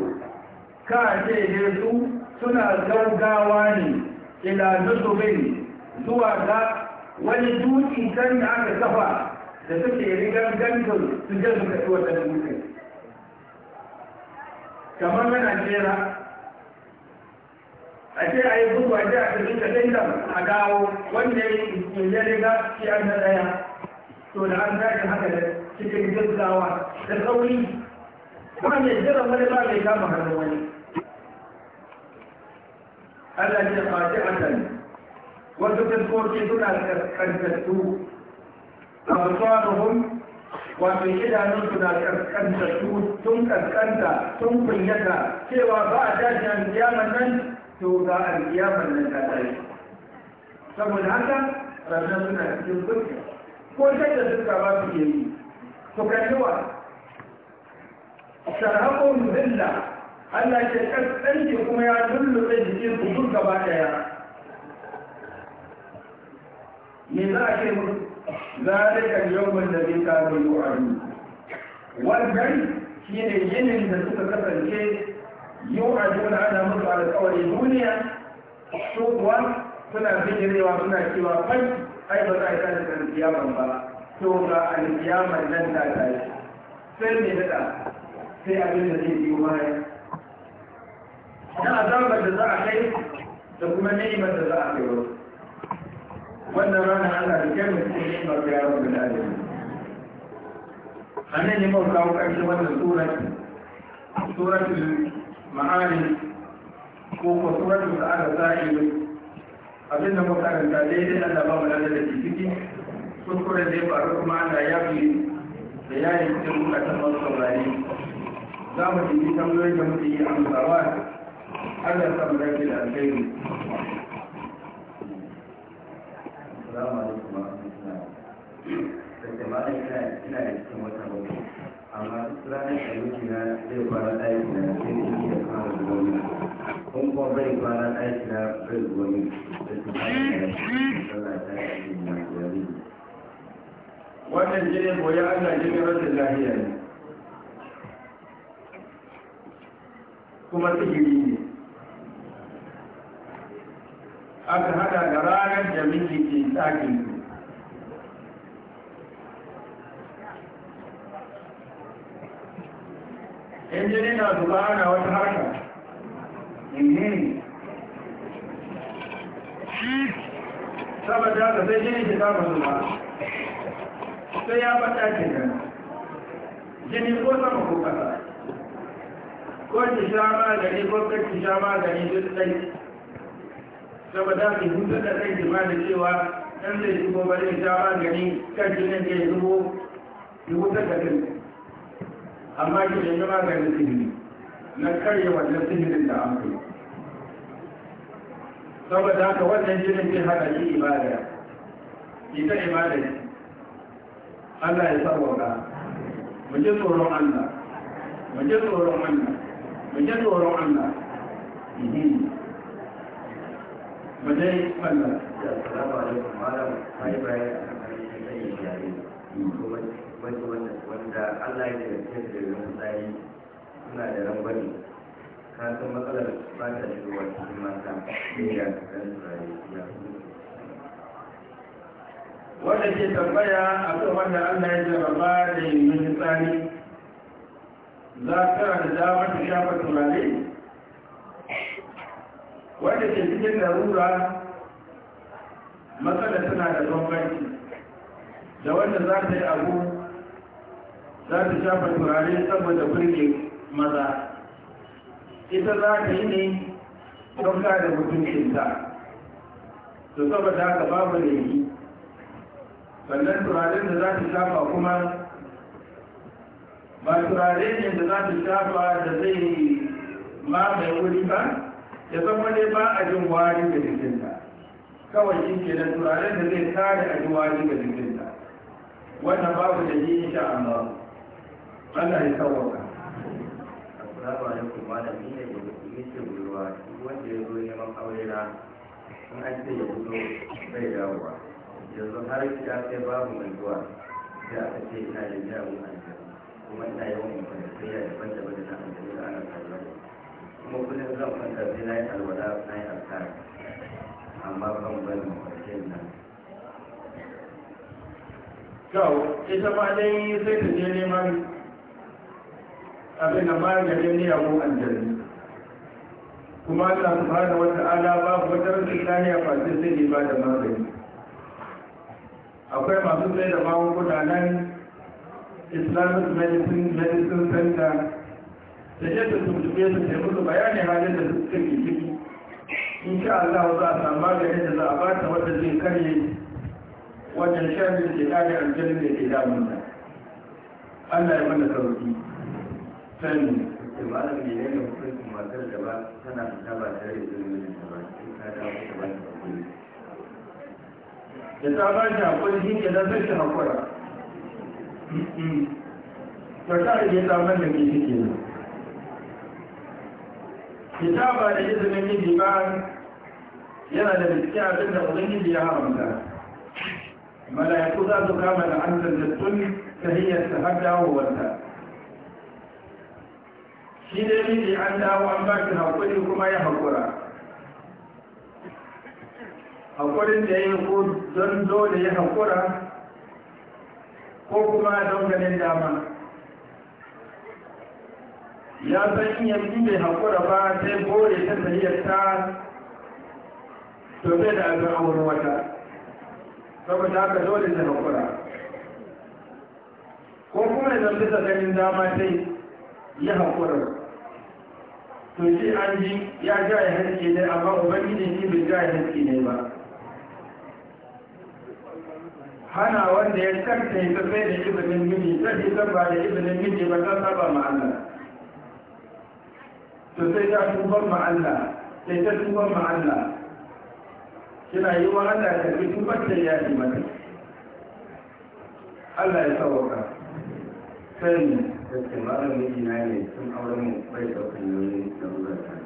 A: ka ce su suna gaugawa ne ila zubin zuwa ga wani dutsen kan da aka kafa da suke gan gantun su je su kaɗi waɗannan mutum kamar na najera a ce a yi gudu a ji a cikin ka dangan a dawo wanda ya yi ya riga shi an da ɗaya to da an tashi haka da cikin gaggawa da sauri ba mai jiran wani ba mai kama hannun wani Allah ya fati a wasu fiskoki suna karkantattu أبصارهم wato idanunsu na kaskanta su sun kaskanta sun kunyata cewa ba a tashi alkiyaman nan to ga alkiyaman nan ta tare. saboda haka ranar suna cikin kunya ko da suka ba su yi su kalliwa sharhaƙon zilla Allah ke kaskanci kuma ya lullube jikin su duk gaba ɗaya me za a ke mutu? ذلك اليوم الذي كانوا يوعدون والبعيد shine yinin da suka kasance yau a juna ana musu alkawari duniya su kuwa suna bijirewa suna cewa kai ai ba za a tashi da alkiyaman ba to ga nan ta tashi sai mai daɗa sai abin zai baya na azabar da za a kai da kuma ni'imar da za a wannan rana ana da kyan mai cikin shi mafi yaron da dalilin a nan ne mawa kawo ƙarshe wannan surati suratul ma'ani ko ko suratul sa'ada sa'ilu abin da muka karanta daidai Allah ba mu da da ciki kuskure da ya faru kuma ana ya fi da ya yi cikin bukatan masu saurari za mu ji tambayoyin da muke yi amsawa
B: Allah ya samu da alkhairi salamu alaikum wa rahmatullahi da malam ina ina da cikin wata amma duk ranar da miji na zai kwana ɗaki na sai da shi da kwana zuwa mini kun kuma bai kwana ɗaki na bai zuwa mini da su ba da sallah ta yi na yari wannan jinin boye Allah jinin rashin lafiya
A: ne kuma sihiri ne aka hada da ranar da miji ke tsakin su in jini na zuba ana wata harka saboda da sai jini ke kama zuba sai ya bata ke nan jini ko sama ko kasa ko ki sha magani ko kar ki sha magani duk ɗai saboda ke hutar da kai jima da cewa dan zai zubo ba zai sha magani kan jinin da ya zubo ya hutar da kai amma ki da yi maganin sihiri na karye wannan sihirin da an kai saboda haka wannan jinin zai hana shi ibada ita ibada Allah ya sarwaka mu ji tsoron Allah mu ji tsoron Allah mu ji tsoron Allah
B: mu dai wannan da salamu alaikum malam sai bayani a kan sai yare to wani wanda wanda Allah ya yarda da yawan sai suna da rambani ka san matsalar ba ta shigowa cikin mata ne ya kan tsare ya
A: wanda ke tambaya a kan wanda Allah ya jarraba da yin tsari za ta da damar ta shafa turare wanda ke cikin larura matsala tana da bambanci da wanda za ta yi abu za ta shafa turare saboda birge maza ita za ta yi ne don da mutuncinta to saboda haka babu da yi. sannan turaren da za ta shafa kuma ba turare ne da za ta shafa da zai mamaye wuri ba ya zama ne ba a jin wari ga jikinta kawai shi ke da turaren da zai tare a jin wari ga jikinta wannan babu da ji insha Allah
B: Allah ya sauwaka Assalamu alaikum malam ni ne musulmi ce gurwa duk wanda ya zo neman aure na in an ce ya fito bai dawowa yanzu har ya kai babu mai zuwa sai aka ce ina da jawo kuma ina yawan mutum da sai ya daban-daban da na amfani da ana kallon kuma kullum zan kwanta sai na yi alwala na yi alkara amma ban bari mafarkin nan kyau ita ma dai sai ta je neman
A: abin da maganin miyagun aljanu kuma su Allah wata wa ta'ala babu wata rashin lahiya face sai ne ba da magani akwai masu sai da magunguna nan islamic medicine medicine center da yadda su musulmi su ne musu bayani halin da suka ke ciki in sha Allah za a samu maganin da za a bata wanda zai karye wajen shanin da ya aljanin da ke damun ta Allah ya mana
B: sauki sani malam ne ne hukuncin matar da ba tana fita ba tare da ilimin da ba ta dawo ta ba ta da ta ba shi haƙuri shi ke nan sai shi haƙura.
A: Ta ta iya tsamar da ke shi ke nan. kitaba da izinin miji ba yana da biskiya tun da ubangiji ya haramta mala'iku za su kama da an tun ta hiyar ta har dawowarta shi ne miji an dawo an ba shi haƙuri kuma ya haƙura haƙurin da ya yi ko don dole ya haƙura ko kuma don ganin dama ya san in yanzu bai haƙura ba sai bore ta tafiyar ta tobe da abin aure wata saboda ka dole ta haƙura ko kuma ya bisa ganin dama sai ya haƙura to shi an ji ya ja ya haske ne amma ubangiji shi bai ja ya haske ne ba hana wanda ya karta ya tafai da ibanin mini sai ta ba da ibanin mini ba ta saba ma'ana Sosai sai ta tubar ma Allah sai ta tubar ma Allah kina yi wa Allah ta fi tubar ta ya
B: yi mata Allah ya sauka sai ne da tsimarar miji na ne sun aure mu bai daukan nauyin da ruwa ta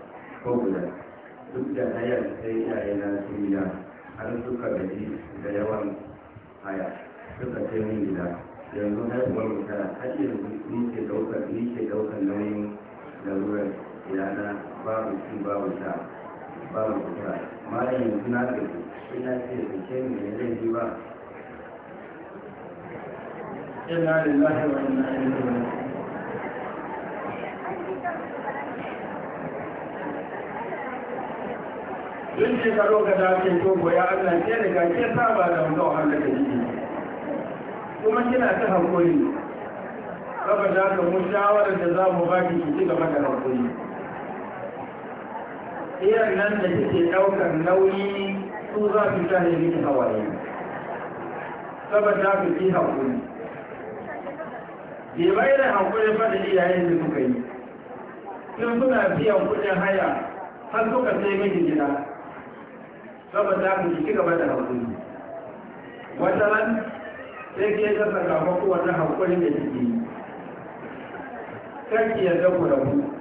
B: ko guda duk da hayar sai iyaye na su gida har suka gaji da yawan haya suka ce min gida yanzu haihuwar mutara har yanzu ni ke daukar nauyin larurar yana babu shi babu ta babu ta malam yanzu na ga ina ce da ke ne zai ji ba Ina
A: lillahi wa inna ilaihi raji'un duk shekaru ka dace togo ya Allah ke daga ke saba da wanda wahala da shi kuma kina ta hankali saboda haka mu shawara da za mu baki ki ci gaba da hankali irin nan da suke ɗaukar nauyi su za su sha ne miki hawaye saboda su ki haƙuri bai bai da haƙuri ba da iyayen da suka yi sun suna biyan kuɗin haya har suka sai miki gida saboda ku ci gaba da haƙuri wata ran sai ke ta sakamako wata haƙuri da ciki kan iya da rabu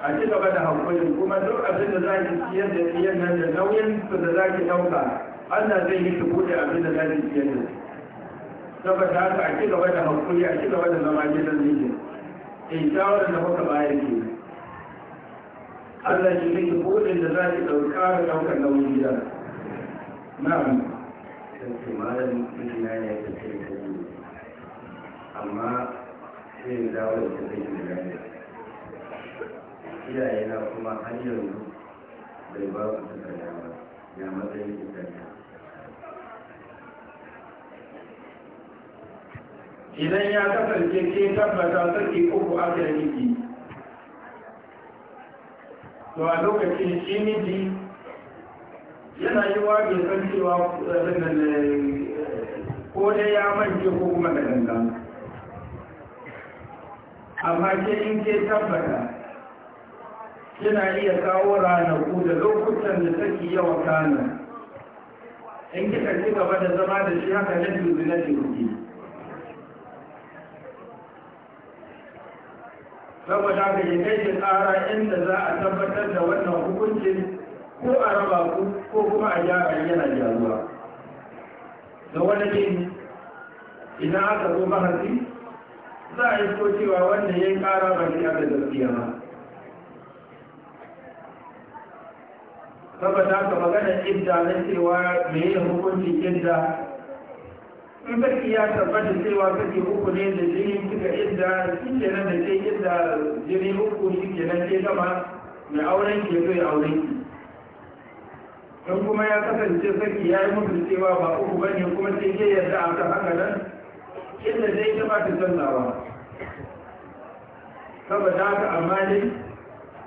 A: a ci gaba da haƙuri kuma duk abin da za ki siyar da siyan nan da nauyin su da za ki ɗauka Allah zai yi su buɗe abin da za ki siyar da saboda haka a ci gaba da haƙuri a ci gaba da zama gidan mijin in eh, shawarar da kuka bayar ke Allah
B: shi ne buɗin da za ki ɗauka da ɗaukar nauyin gidan na'am sai malam mijina ne ya ce amma sai dawo da ta zai gidan iyaye na kuma har yanzu bai ba su ba ya matsayin
A: idan ya kasance ke tabbata sarki uku aka yi miki to a lokacin shi miji yana yi wa bai san cewa eh, ko dai ya manke ko kuma da ganga amma ke in ke tabbata suna iya kawo ranaku da lokutan da take yawa kana in kika ci gaba da zama da shi haka na dubi na saboda haka ya kai shi tsara inda za a tabbatar da wannan hukuncin ko a raba ku ko kuma a gyara yana gyaruwa da wani ne idan aka zo mahaifi za a yi so cewa wanda ya yi kara ba shi da gaskiya ba saboda ka magana idda na cewa me ya hukunci idda in sarki ya tabbata cewa kake uku ne da jini kika idda shi nan da ke idda jini uku shi nan ke gama mai auren ke zai auren ki don kuma ya kasance sarki ya yi mutu cewa ba uku ba ne kuma sai ke yarda a kan haka nan inda zai ta ba ta canzawa saboda haka amma dai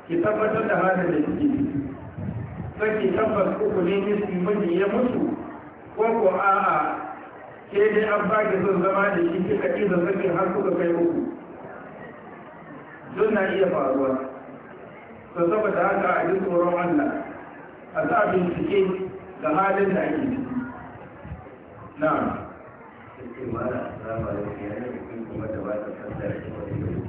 A: ki tabbatar da hannun da kike mafi tabbas uku ne nisbi miji ya mutu ko ko a'a sai dai an ba ki son zama da shi kika ƙi zazzabin har kuka kai uku don na iya faruwa to saboda haka a ji tsoron Allah a sa bincike ga halin da ake ciki
B: na'am sai mala da tsara yana da kuma da ba ta san da rashin wani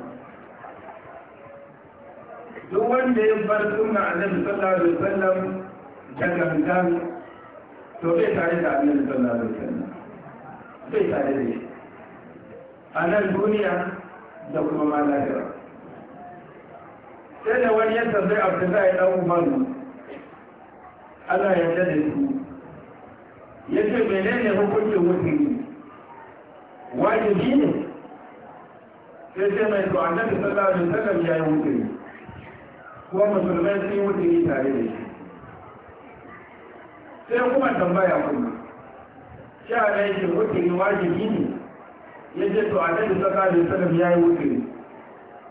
A: duk wanda ya bar sunna annabi sallallahu alaihi wasallam da gangan to bai tare da annabi sallallahu alaihi wasallam bai tare da shi a nan duniya da kuma ma lafiya sai da wani yadda zai abdullahi ɗau man Allah ya da su ya ce menene hukuncin mutum wajibi ne sai ce mai to annabi sallallahu alaihi wasallam ya yi mutum ko musulmai sun yi wuturi tare da shi sai kuma tambaya kuma sha ɗaya ce wuturi wajibi ne ya ce to a ɗaya saka da sanar ya yi wuturi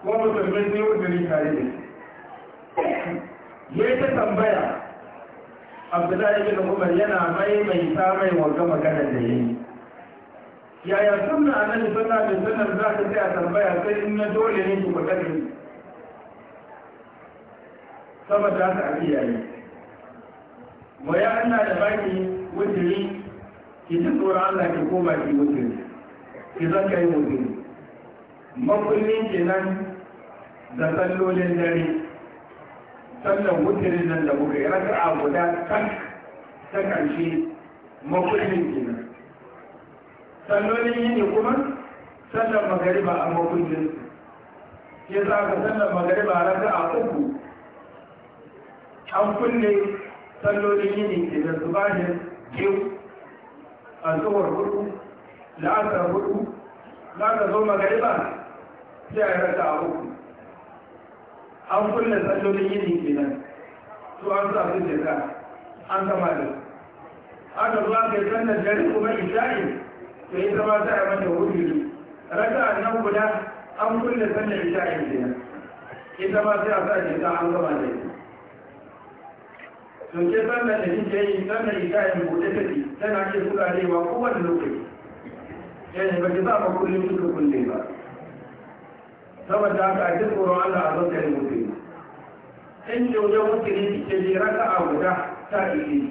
A: ko musulmai sun yi wuturi tare da shi ya ta tambaya abdullahi bin umar yana maimaita mai wanga magana da ya yi yaya sunna annabi sallallahu alaihi wasallam za ta tsaya tambaya sai in na dole ne ku kuɗa sama da haka a kiyaye ya ana da baki wuturi ki ji tsoron Allah ki koma ki wuturi ki zan kai wuturi makullin kenan da sallolin dare sannan wuturin nan da muka yi abu guda tak ta ƙarshe makullin kenan sallolin yini kuma sannan magariba a makullin ya za ka sannan magariba a uku an kulle sallolin yini da zubanin biyu a zuwar hudu la'asar hudu za ka zo magariba sai a rasa a uku an kulle sallolin yini kenan su an sa su jika an gama da aka zuwa kai sannan dare kuma isha'i to yi zama ta yi mata wujuri raka a nan guda an kulle sannan isha'i kenan ita ma sai a sa jika an gama da ita dauke sannan da kike yi sannan ikayen bude take tana ke kularewa kowane lokaci yana eh, ba ki za ba kullum kika kulle ba saboda haka a cikin tsoron Allah a zauka ne mutum in jojo mutum ke je raka a guda ta ike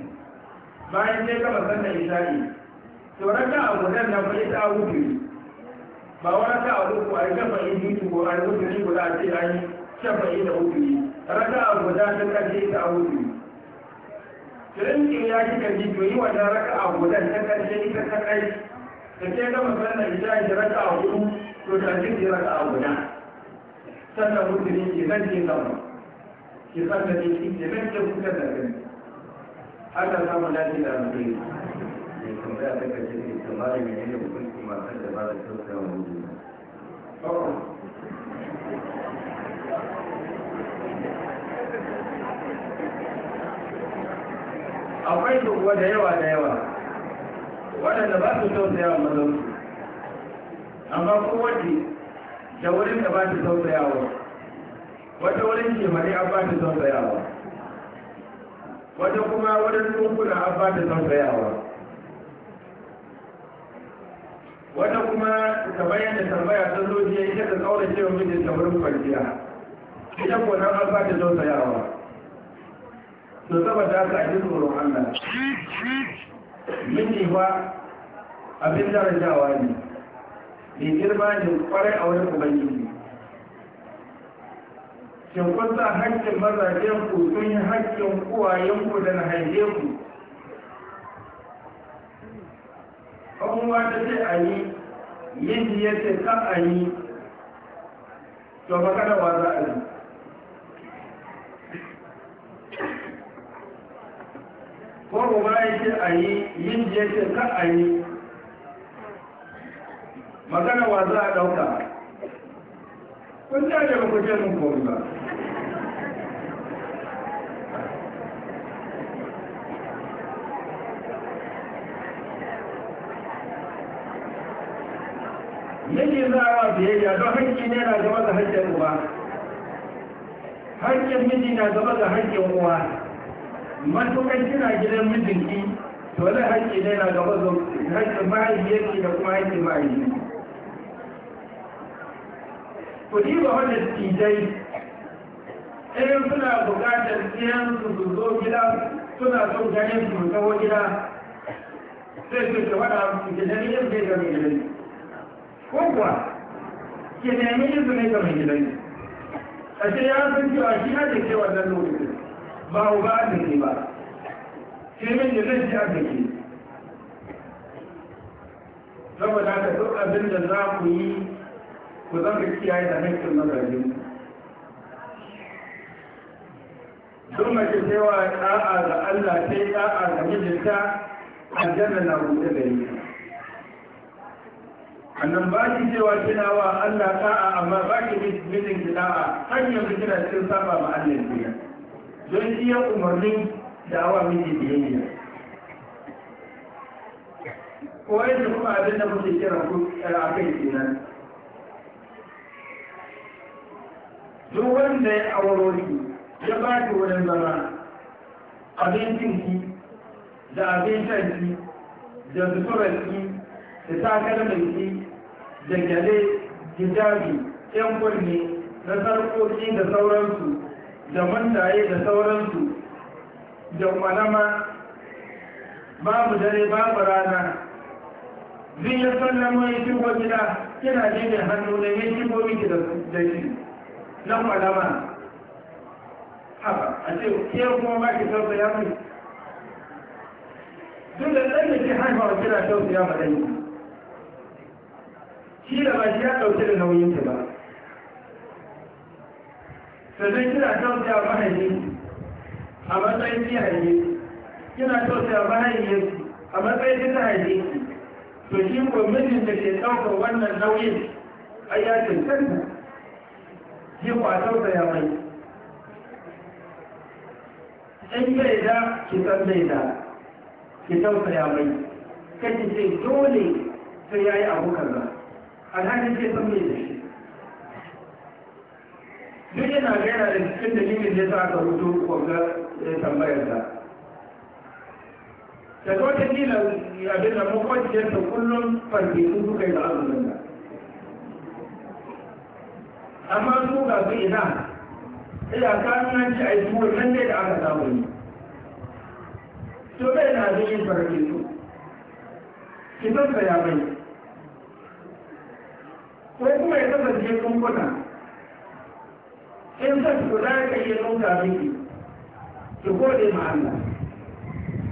A: bayan sai gaba sannan isa'i to raka a gudan na fa ita wuce ba wa raka a uku a shafa in biyu ko a wuce guda a ce an shafa da wuce raka a guda ta kashe ta wuce rinjin ya kika kaji to yi wannan a gudan ta karshe ita ta kai da ke gama sallar isha da a hudu to ta ji raka'a guda sannan mutum ke zan ki zama
B: ki fata ne ki ke mai kyau kuka da gani haka samu lafi da mutum ne kuma ya ta kace ne kamar mai ne mutum kuma kan da ba da kyauta wa mutum oh.
A: akwai su kuwa da yawa da yawa waɗanda ba su tausaya wa mazauki amma kowace da wurin da ba su tausayawa wata wurin kemari an ba tausaya tausayawa wata kuma wurin tunkuna an ba tausaya tausayawa wata kuma ta bayan da tambaya ta zo jiya yi ta kaura cewa mijinta wurin kwanciya ita ko na an ba su tausayawa to saboda haka a jin tsoron Allah miji ba abin darajawa ne da girma ne kwarai a wani ubangiji shin kun sa haƙƙin mazajen ku sun yi haƙƙin uwayen ku da na haife ku abubuwa ta ce a yi yin ya ce kan a yi to magana wa za a yi ko uba ya ce a yi yin ya ce ka a yi magana wa za a ɗauka kun ja da ku ce mun komi ba yake za a biyayya don hankali ne na gaba da hankali uwa hankin miji na gaba da hankin uwa matukan kina gidan mijinki to wani haƙƙi ne na gaba zo haƙƙin mahaifiyarki da kuma haƙƙin mahaifiyarki ku diba wanda tijai ɗayan eh, suna buƙatar ɗiyansu su zo gida suna son ganin su taho gida sai su ke waɗa su ke nemi yin zai gami gidan ko kuwa ke nemi yin zai gami gidan a ce ya sun cewa shi hajji ke wannan lokacin ba ba uba arziki ba min da zai ci arziki saboda ka duk abin da za ku yi ku zama kiyaye da haƙƙin mazajin duk mace cewa ɗa'a ga Allah sai ɗa'a ga mijinta a aljanna na buɗe da yi annan ba shi cewa kina wa Allah ɗa'a amma ba ki mijin ki ɗa'a har yanzu kina cikin saba ma Allah don iya umarnin da awa miji biyayya kawai da kuma abin da muke kira ku eh, akai kenan duk wanda ya auro ki ya ba ki wurin zama abincin ki da abin shan ki da suturar ki da takalmar ki da gyale hijabi yan kunne na sarƙoƙi da sauransu da mantaye da sauransu da kwanama babu dare babu rana zai ya sallama ya shigo gida kina ne mai hannu da ya shigo miki da shi na kwanama haka a ce ke kuma ba ki sauka ya mai duk da ɗan da ke haifa wa kira sauka ya mai shi da ba shi ya ɗauke da nauyin ta ba sannan kina kyauta wa mahaifi a matsayin iyaye kina kyauta wa mahaifi a matsayin ta haifi to shi ko mijin da ke ɗaukar wannan nauyin a ya cancanta shi ko a ya mai
B: in bai da ki san bai da ki kyauta ya mai kan ce dole sai ya yi abu kaza alhaji
A: ce san mai da shi duk yana gaira da cikin dalilin da ya sa aka rubuto kwamga eh, tambayar da da ta wata kila abin da makwaciyarsa kullum farfe su suka yi azumin da amma su ga su ina ina kayan ci a yi nan dai da aka samu ne to bai na abin yin farfe su ki san saya bai ko kuma ya kasance kunkuna in zan ku za ka iya nuna miki ki gode ma Allah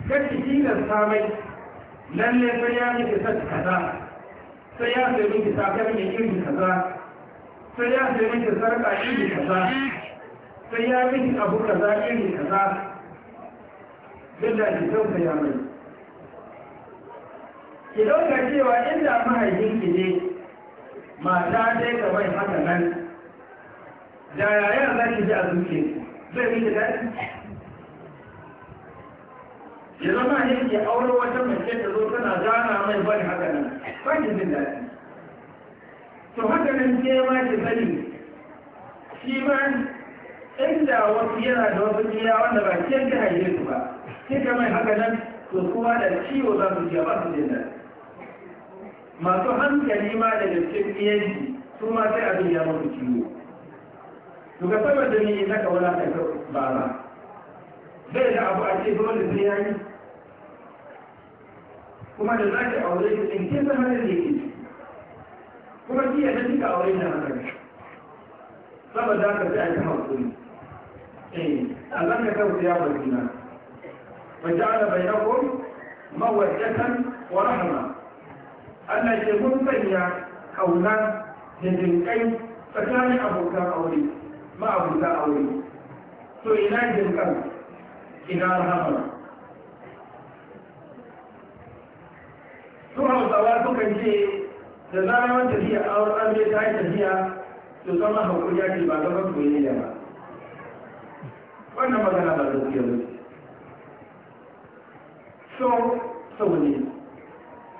A: kashi tilan samai lalle sai ya miki sati kaza sai ya sai miki sakar mai iri kaza sai ya sai miki sarƙa iri kaza sai ya miki abu kaza iri kaza duk da ki tausaya mai ki ɗauka cewa inda mahaifinki ne mata dai kamar haka nan yaya yana za ki ji a zuke zai yi da daɗi ya zama ne ke aure wata mace ta zo tana zana mai bari haka nan ba ki jin daɗi to haka nan ke ma ki sani shi ma inda wasu yana da wasu gida wanda ba ke ki haife su ba kika mai haka nan to kuma da ciwo za su ji ba su jin daɗi masu hankali ma da gaske iyanci su ma sai abin ya mutu ciwo Duka ga saboda ne na ka wala kai ba ba Zai da abu a ce dole sai ya yi kuma da za ki aure ki in kin zama da ke kuma ki yadda kika aure na da Saba za ka sai ta hakuri eh Allah ka kawo ya barkina وجعل بينكم مودة ورحمة Allah ya ce mun sanya kauna da jinkai tsakanin abokan aure ma'abuta a aure to ina jin kan ina rahama su hausawa sukan ce da zarar tafiya a wani an ta yi tafiya to sama haƙuri ya ce ba zama soyayya ba wannan magana ba gaskiya ba so sau ne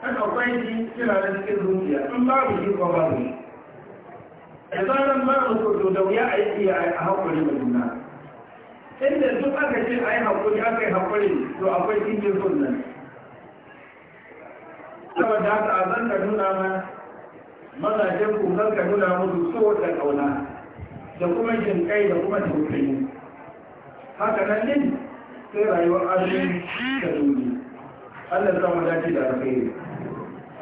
A: an akwai shi kira na cikin zuciya in babu shi kuma babu shi da zaran mara an da wuya a yi a haƙuri da juna inda duk aka ce a yi haƙuri aka yi haƙuri to akwai cikin sun nan saboda haka a zan ka nuna ma mazajen ku zan ka nuna musu so da ƙauna da kuma jin kai da kuma tausayi haka nan din sai rayuwar arziki da duniya Allah ya samu dace da alkhairi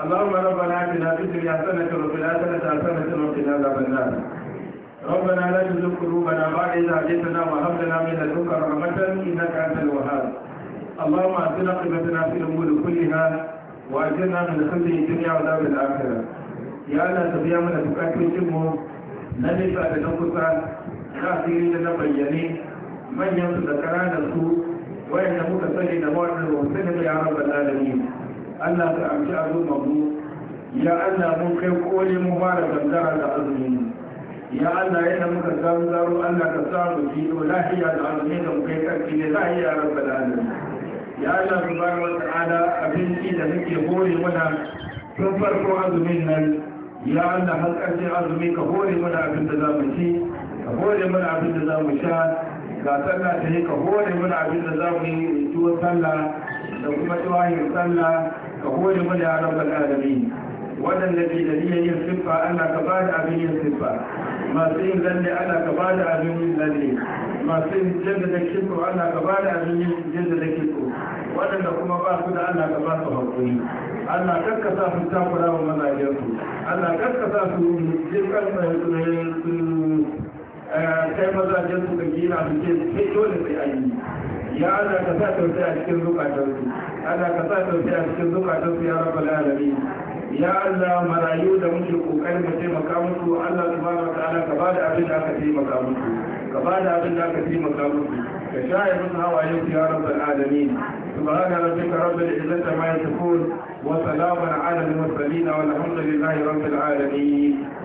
A: اللهم ربنا اتنا في الدنيا حسنة وفي الآخرة حسنة وقنا عذاب النار ربنا لا تزغ قلوبنا بعد إذ هديتنا وهب لنا من لدنك رحمة إنك أنت الوهاب اللهم أعطنا قيمتنا في الأمور كلها وأجرنا من خزي الدنيا وعذاب الآخرة يا الله تضيع من تفكر جمه نبي بعد نفسا كافرين لنا بياني من يمسك ذكرنا السوء وإنه مكسر لنا وعد وسلم يا رب العالمين Allah ka amshi azumar mu ya Allah mun kai koli mu fara gangara da azumin ya Allah yana muka samu zaro Allah ka samu fi lahiya da azumin da muka yi karfi ne lahiya rabbal alamin ya Allah subhanahu wa ta'ala abinci da muke hore mana tun farko azumin nan ya Allah har karshen azumi ka hore mana abin da za mu ci ka hore mana abin da za mu sha ga sallah ta yi ka hore mana abin da za mu yi tuwon sallah da kuma tuwahin sallah ka kore mu da rabbal waɗanda ke da yin siffa Allah ka ba da abin yin siffa masu yin lalle Allah ka ba da abin yin lalle masu yin yadda da kitso Allah ka ba da abin yin yadda da kitso waɗanda kuma ba su da Allah ka ba su hakuri Allah karka sa su takura wa mazajensu Allah ana sa su jin karfa su Eh, kai mazajen su ka gina su ce sai dole sai an yi ya Allah ka sa a cikin zukatansu Allah ka sa a cikin ya rabbal alamin ya Allah marayu da muke kokarin mu taimaka musu Allah subhanahu wataala ka bada abin da aka taimaka musu ka bada abin da aka taimaka musu ka shaye musu hawaye ya rabbal alamin سبحان ربك رب العزة ما يصفون وسلام على المرسلين والحمد لله رب العالمين